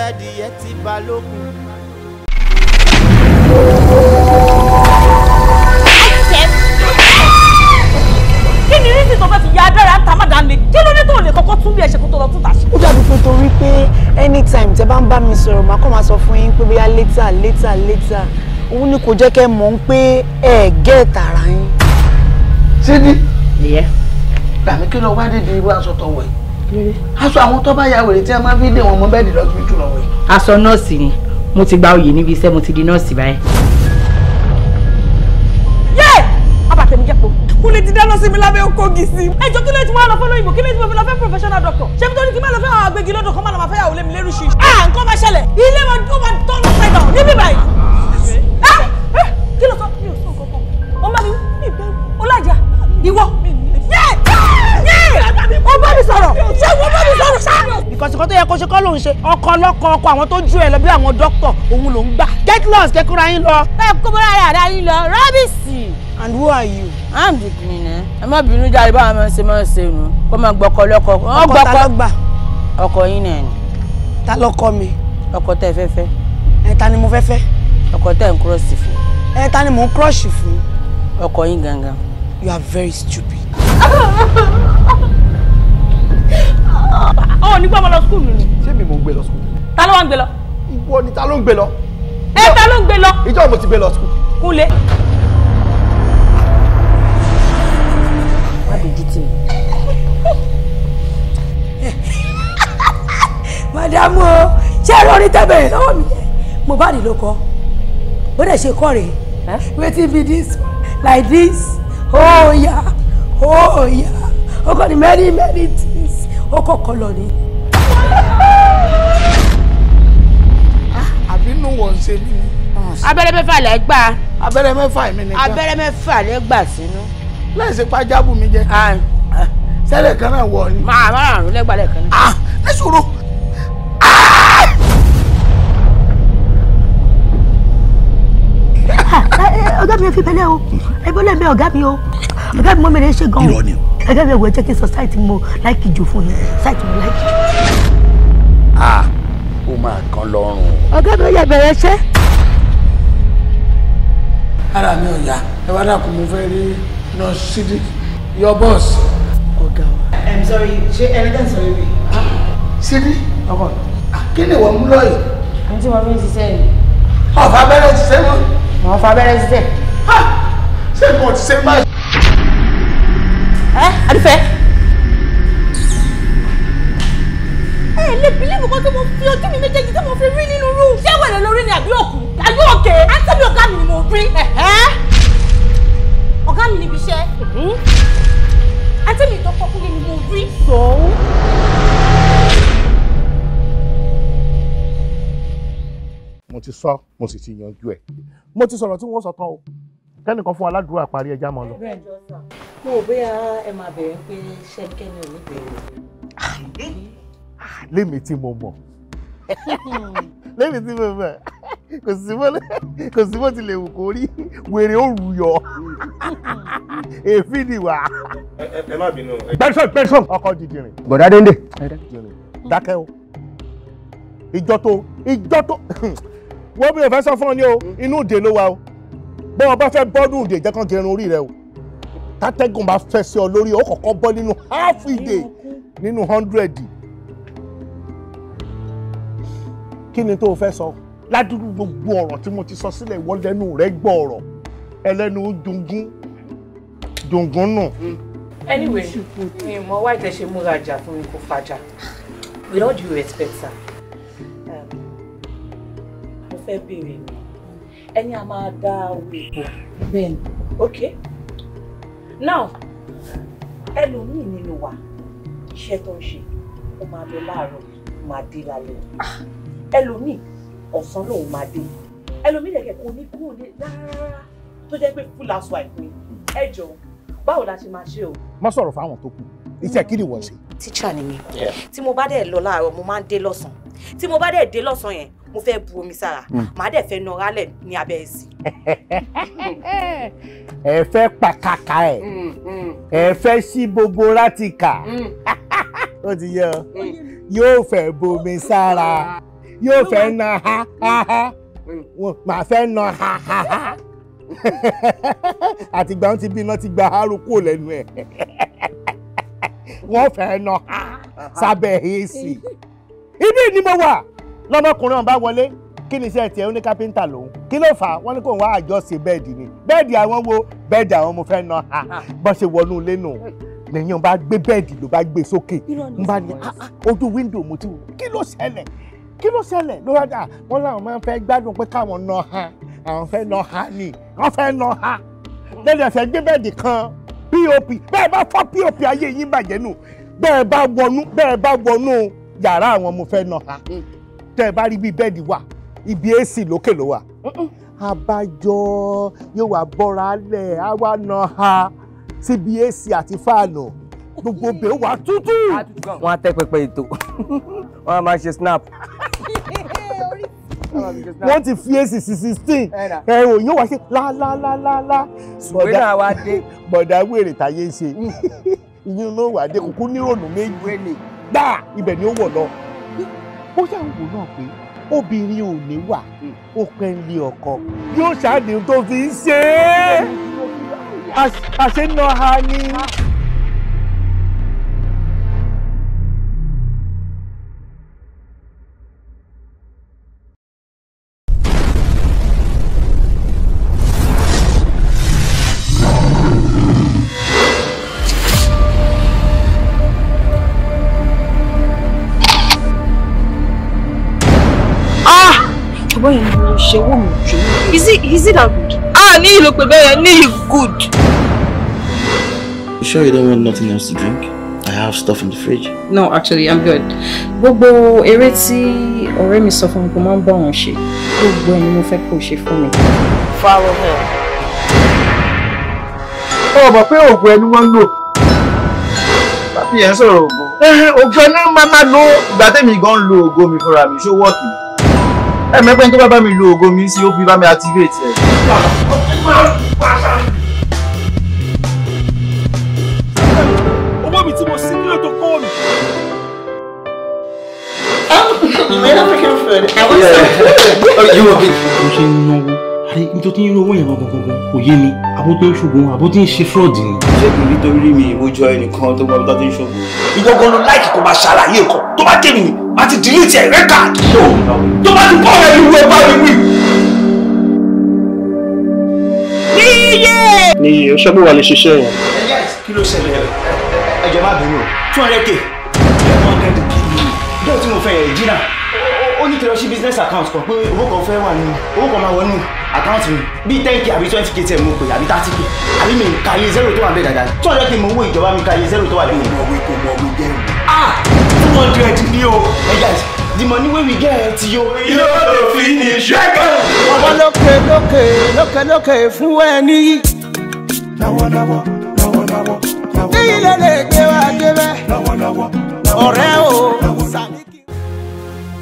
ẹ̀dìyẹ ti balógun. anytime tẹ bá ń bá mi sọ̀rọ̀ màá kọ́ máa sọ fún yín pé bóyá later later later òun ni kò jẹ́ kẹ́ mọ̀ ń pé ẹ gẹ́ tààrà yín. sídi gbàmí kí lọ wá dídì irú aṣọ tọwọ yìí aṣọ àwọn tó bá ya wèrè tí a máa fi dé wọn mọ bẹ́ẹ̀ dì lọsibítù lọ́wọ́ yìí. aṣọ nọ́ọ̀sì ni mo ti gba oyè níbi iṣẹ́ mo ti di nọ́ọ̀sì báyìí. kó lè ti dáná sí mi lábẹ́ okògì sí. ẹ jọ kí ló ti wá lọ fẹ́ lóyìnbó kí ló ti wá lọ fẹ́ professional doctor ṣé mi tó ní kí n má lọ fẹ́ àwọn agbègi lọ́dọ̀ kọ́ má lọ máa fẹ́ yàwó lé mi lérú ṣíṣe. à ah, nǹkan máa ṣẹlẹ̀ ilé wa tó máa tọ́ lọ́pẹ́ níbí báyìí. Ah, eh, kí ló sọ mi ò sọ nǹkan kan o má mi mi bẹ́ẹ̀ o ìwọ. o bá mi sọ̀rọ̀ ṣé o bá mi sọ̀rọ̀ ṣá. ìkọ̀sìnkọ́ tó yẹ kó ṣe kọ́ ló ṣe ọkọ ọlọ́kọ ọkọ àwọn tó ju ẹ lọ bí àwọn dókítà òun ló gbà. get lost kẹkọrọ ayín lọ. ẹ kó bọ́lá rẹ̀ àdá yín lọ rọ́bìsì and who are you. i'm the cleaner eh? ẹ má bínú jáde báwọn máa ń ṣe máa ń ṣe nù kó máa gbọkọ lọkọ. ọkọ ta ló gbà. ọkọ yín náà ni. ta lọkọ mi. ọkọ tẹ fẹ́ fẹ́. ẹ ta ni mo fẹ́ fẹ́. you are very stupid. Oh, ní gbọ́mọ to school. nù ni. ṣé mi mò ń gbé lọ skul. ta ló wá ń gbé lọ. ìwọ ni ta ló ń gbé lọ. ẹ ta sílẹ̀ màdàmú o ṣé ẹ̀rọ orin tẹ́ bẹ̀rẹ̀ lọ́wọ́ mi yẹn Mohbad ló kọ bó dẹ̀ ṣe kọ́ rèé wetin be this like this oh yeah oh yeah ó kọ́ ni many many things ó kọ́ kọ́ lọ ni. Ah, àbínú wọ̀n ṣe mí ni abẹ́rẹ́ mẹ́fà lẹ́ gbà. abẹ́rẹ́ mẹ́fà mi nìkan. abẹ́rẹ́ mẹ́fà lẹ́ gbà sínú. láì ṣe pàjáwò mi jẹ sẹ́lẹ̀ kan náà wọ̀ ni. máa máa rún lẹ́gbàlẹ̀ kan náà. Ah, ẹ ṣòro. Ah! Eh, eh, ọ̀gá mi ò fi bẹ́lẹ̀ o ẹgbẹ́ olóògbé ọ̀gá mi o ọ̀gá mi mọ́ mi rẹ̀ ṣe gan-an ọ̀gá mi ò wọ ẹ̀jẹ̀ kí n sọ sáìtì mo láìkì jù fún yín sáìtì mo láìkì jù. Ah, ó máa kan lọ́rùn. ọ̀gá mi ò yẹ bẹ̀rẹ̀ ṣẹ́. ara mi ò yá ẹ wá dàkú mo fẹ́ rí nọ́ọ̀sì sídìkì yọ bọ́ọ̀sì. I'm sorry ṣé ẹni tẹ́ ń sọ rere. ṣé ní ọkọ kí ni wọ́n mú lọ́ọ̀yì. àmì tí wọ́n fi ń ṣiṣẹ́ yìí. ọ̀fà abẹ́rẹ́ ṣiṣẹ́ mọ́. wọ́n fa abẹ́rẹ́ ṣiṣẹ́. ṣé kò ti ṣe máa. ẹ adúfẹ́. ẹ lè bílíìfù kan tó mo fi ojú mi méjèèjì tó mo fi rí nínú rú. ṣé wẹ̀rẹ̀ lórí ni àbí òkú àbí òkè àtẹ̀bí ọ̀gá mi ni mo rí. ọ̀gá mi níbi iṣẹ́. Mm-hmm àti mi tó kọkúlé ni mo rí. so. mo ti sọ mo sì ti yanjú ẹ mo ti sọ̀rọ̀ tí wọ́n sọ tán o kẹ́nìkan fún aládùúrà parí ẹja mọ́ lọ. mo ò bóyá ẹ máa bẹ̀rẹ̀ pé ṣẹ́nikẹ́ni ò ní bẹ̀rẹ̀. lémi tí mo mọ̀. Hmm lẹ́mi tí mo mọ̀ kò sí mọ́ kò sí mọ́ ti lè wù kó rí wèrè òrù yọ èéfín ìwà. ẹ má bínú. gbẹ́sọ̀n gbẹ́sọ̀n ọkọ dìdìrín. bọ̀dá dénde. dákẹ́ o ìjọ tó ìjọ tó wọ́n bí o fẹ́ sọ fún ọ ní o inú òde ló wà o bọ́ ọ fẹ́ bọ́dún òde jẹ́ gẹrun orí rẹ o tátẹ́gùn bá fẹ́ sí ọ lórí o kọ̀ọ̀kan bọ́ nínú half a day nínú hundred yìí. kí ni tó o fẹ́ sọ ládùúgbò gbogbo ọ̀rọ̀ tí mo ti sọ sílẹ̀ ìwọ lẹ́nu rẹ gbọ́ ọ̀rọ̀ ẹlẹ́nu dungun dungun nù. anyway mi mọ wá ìtẹ̀sẹ̀ múra jà fún mi kó fàjà with all due respect sir um, mo fẹ́ béèrè mi ẹni a máa dá owó ìbò bẹ́ẹ̀ ni ok now ẹlòmíì nínú wa iṣẹ́ tó ń ṣe ó máa lọ láàárọ̀ ó máa dé lálẹ́. Ah, ẹlòmíì ọ̀sán lòun máa dé ẹlòmíì lẹ̀kẹ̀ kò ní kúrò ní rárá tó jẹ́ pé full house wife ni ẹ jọ báwo la ṣe máa ṣe o. má sọ̀rọ̀ fáwọn tó kù iṣẹ́ kí ni wọ́n ṣe. tíṣà ni mi tí mo bá dẹ̀ lọ láàárọ̀ mo máa ń dé lọ́sàn-án tí mo bá dẹ̀ dé lọ́sàn-án yẹn mo fẹ́ bu omi sára hmm. màá dẹ̀ fẹ́ nọra lẹ̀ ní abẹ́ ẹ̀sìn. ẹ fẹ́ pàkàkà ẹ̀ hmm, hmm. ẹ fẹ́ sí gbogbo rátìkà ó ti yẹ yóò fẹ́ bomi sára yóò fẹ́ na ha ha ha màá fẹ́ na ha ha ha àtìgbà ń ti bí iná ti gba haru kúrò lẹ́nu ẹ̀ wọ́n fẹ́ na ha sábẹ́ èsì ibi ni mo wà lọ́mọkùnrin ọ̀n bá wọlé kí ni iṣẹ́ tiẹ̀ ó ní kápẹ́ńtà lòun kí ló fà á wọ́n ní kó wá àjọṣe bẹ́ẹ̀dì ni bẹ́ẹ̀dì àwọn wo bẹ́ẹ̀dì àwọn mo fẹ́ na ha bọ́n ṣe wọnú ilé nù lẹ́yìn ọba gbé bẹ́ẹ̀dì ló bá gbé sókè n bá ní ah, ah, ojú wíńdò mo ti wò kí ló ṣẹlẹ̀ kí ló ṣẹlẹ̀ ló wá dà wọ́n láwọn máa ń fẹ́ gbádùn pé káwọn nà ha àwọn fẹ́ nà ha ni wọ́n fẹ́ nà ha lẹ́yìn ẹ̀fẹ̀ gbé bẹ́ẹ̀dì kan pop bẹ́ẹ̀ bá fọ́ pop ayé yín bàjẹ́ nù bẹ́ẹ̀ bá wọnú bẹ́ẹ̀ bá wọnú yàrá àwọn ọmọ fẹ́ nà ha tẹ́ ẹ bá rí bí bẹ́ẹ̀dì wà ibi ac lókè ló wà abájọ yóò wá bọ́ra lẹ̀ á wá nà ha síbi ac àti fáànù gbogbo bẹ́ẹ̀ wà tútù. wọ́n á tẹ́ pẹpẹ ètò wọ́n á máa ṣe snap. wọ́n ti fi èsì sí sixteen ẹ̀rọ yóò wá ṣe lálálálá bọ̀dá wèrè táyé ṣe hmm. ìyẹn ló wà dé kúkú nírònú méjì gbà ibẹ̀ ni ó wọ̀ lọ. Hmm. ó ṣàwòrán náà pé obìnrin ò ní wà hmm. ó pẹ́ ń lé ọkọ yóò ṣáàdì tó fi ṣe é àṣẹ náà ha ni. Ah. ṣe wù mí jù is it is it that good. ah ní ìlú pé bẹ́ẹ̀ ní you good. you sure you don't want nothing else to drink? I have stuff in the fridge. No, actually, I'm good. Gbogbo eré tí ọ̀rẹ́ mi sọ fún mi kò máa ń bọ̀ wọ́n ṣe. Gbogbo ẹni mo fẹ́ kó ṣe fún mi. Follow him. Ó mọ̀ pé oògùn ẹni wọ́n ń lò. Bàbá yẹn sọ̀rọ̀ oògùn. Oògùn ẹni máa máa lo ìgbà tẹ́mi gan lo oògùn mi fúnra mi, ṣó wọ́ọ̀kì mi ẹ mẹ́pẹ́ tó bá bá mi lo ògo mi sí ó fi bá mi activate ẹ̀. owó mi tí mo sí nílò tó kọ́ mi. Oh, you want You will be. Mo ṣe ń náwó. Àdé nítorí tí ń rówó yẹn gangan gangan kò yé mi. Àbó tó ń ṣògùn, àbó tí ń ṣe fraud ni. Ṣé kò nítorí mi ìwọ́jọ́ ẹnìkan tó gbọ́ tó ń ṣògùn? Ìwọ láìkì kò máa ṣàlàyé nǹkan tó bá dé mi a delete ẹ̀ record tó bá ti kọ́ ọ̀rẹ́ ìlú ẹ̀ bá mi wí. níyẹ. níyẹ o ṣe pé wà lè ṣiṣẹ́ yẹn. kí ló ṣẹlẹ̀ ẹjọ́ má bínú two hundred k one hundred k dọ́ọ̀ tí mo fẹ́ yẹ jìnnà ó ní kí lọ sí business account kan pé owó kan fẹ́ wà nínú owó kan máa wọnú account mi bíi ten k àbí twenty k tẹ̀ mú pé àbí thirty k àbí mi kàyé zero tó wà bẹ́ẹ̀ dáadáa tí wọ́n jẹ́ kí n mọ owó ìjọba mi kàyé zero tó wà lẹ́yìn. mo wí kò mọ omi jẹ́ two hundred ni o ẹ̀yà the money wey we get yo. yóò lè fi ní ṣẹ́gun. ọmọ lókè lókè lókè lókè fún ẹni. lọ́wọ́lọ́wọ́ lọ́wọ́lọ́wọ́. èyí ló lè gbé wa débẹ̀. lọ́wọ́lọ́wọ́ ọ̀rẹ́ o.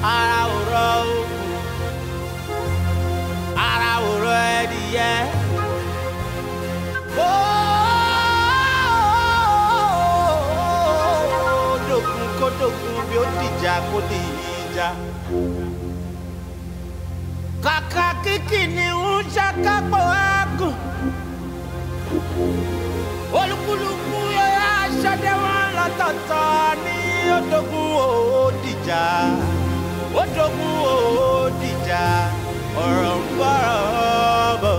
ara ò rọ òkú ara ò rọ ẹdìyẹ. Khadija. Kàkà kíkì ni ń ṣàkápò àgùn. Olúkúlùkù yóò ṣẹ́dẹ̀ wọn lọ́tọ̀ọ̀tọ̀ ní ọ̀dọ́gun òdìjà. Ọ̀dọ́gun òdìjà ọ̀rọ̀ ń bọ̀rọ̀ bọ̀.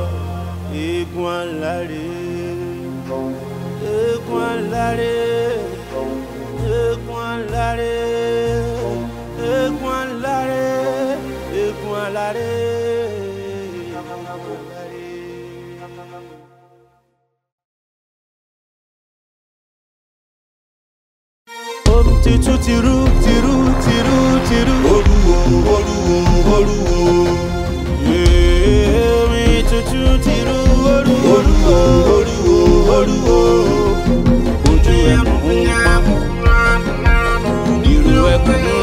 Eégún alárè, eégún alárè, eégún oru ti tú tirú tirú tirú tirú. olúwo olúwo olúwo. orin tuntun tirú olúwo olúwo olúwo olúwo. ojú ẹkún irú ẹkún.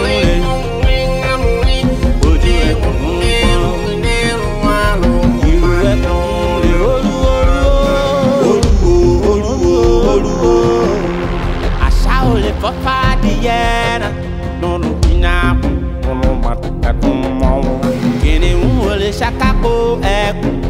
É.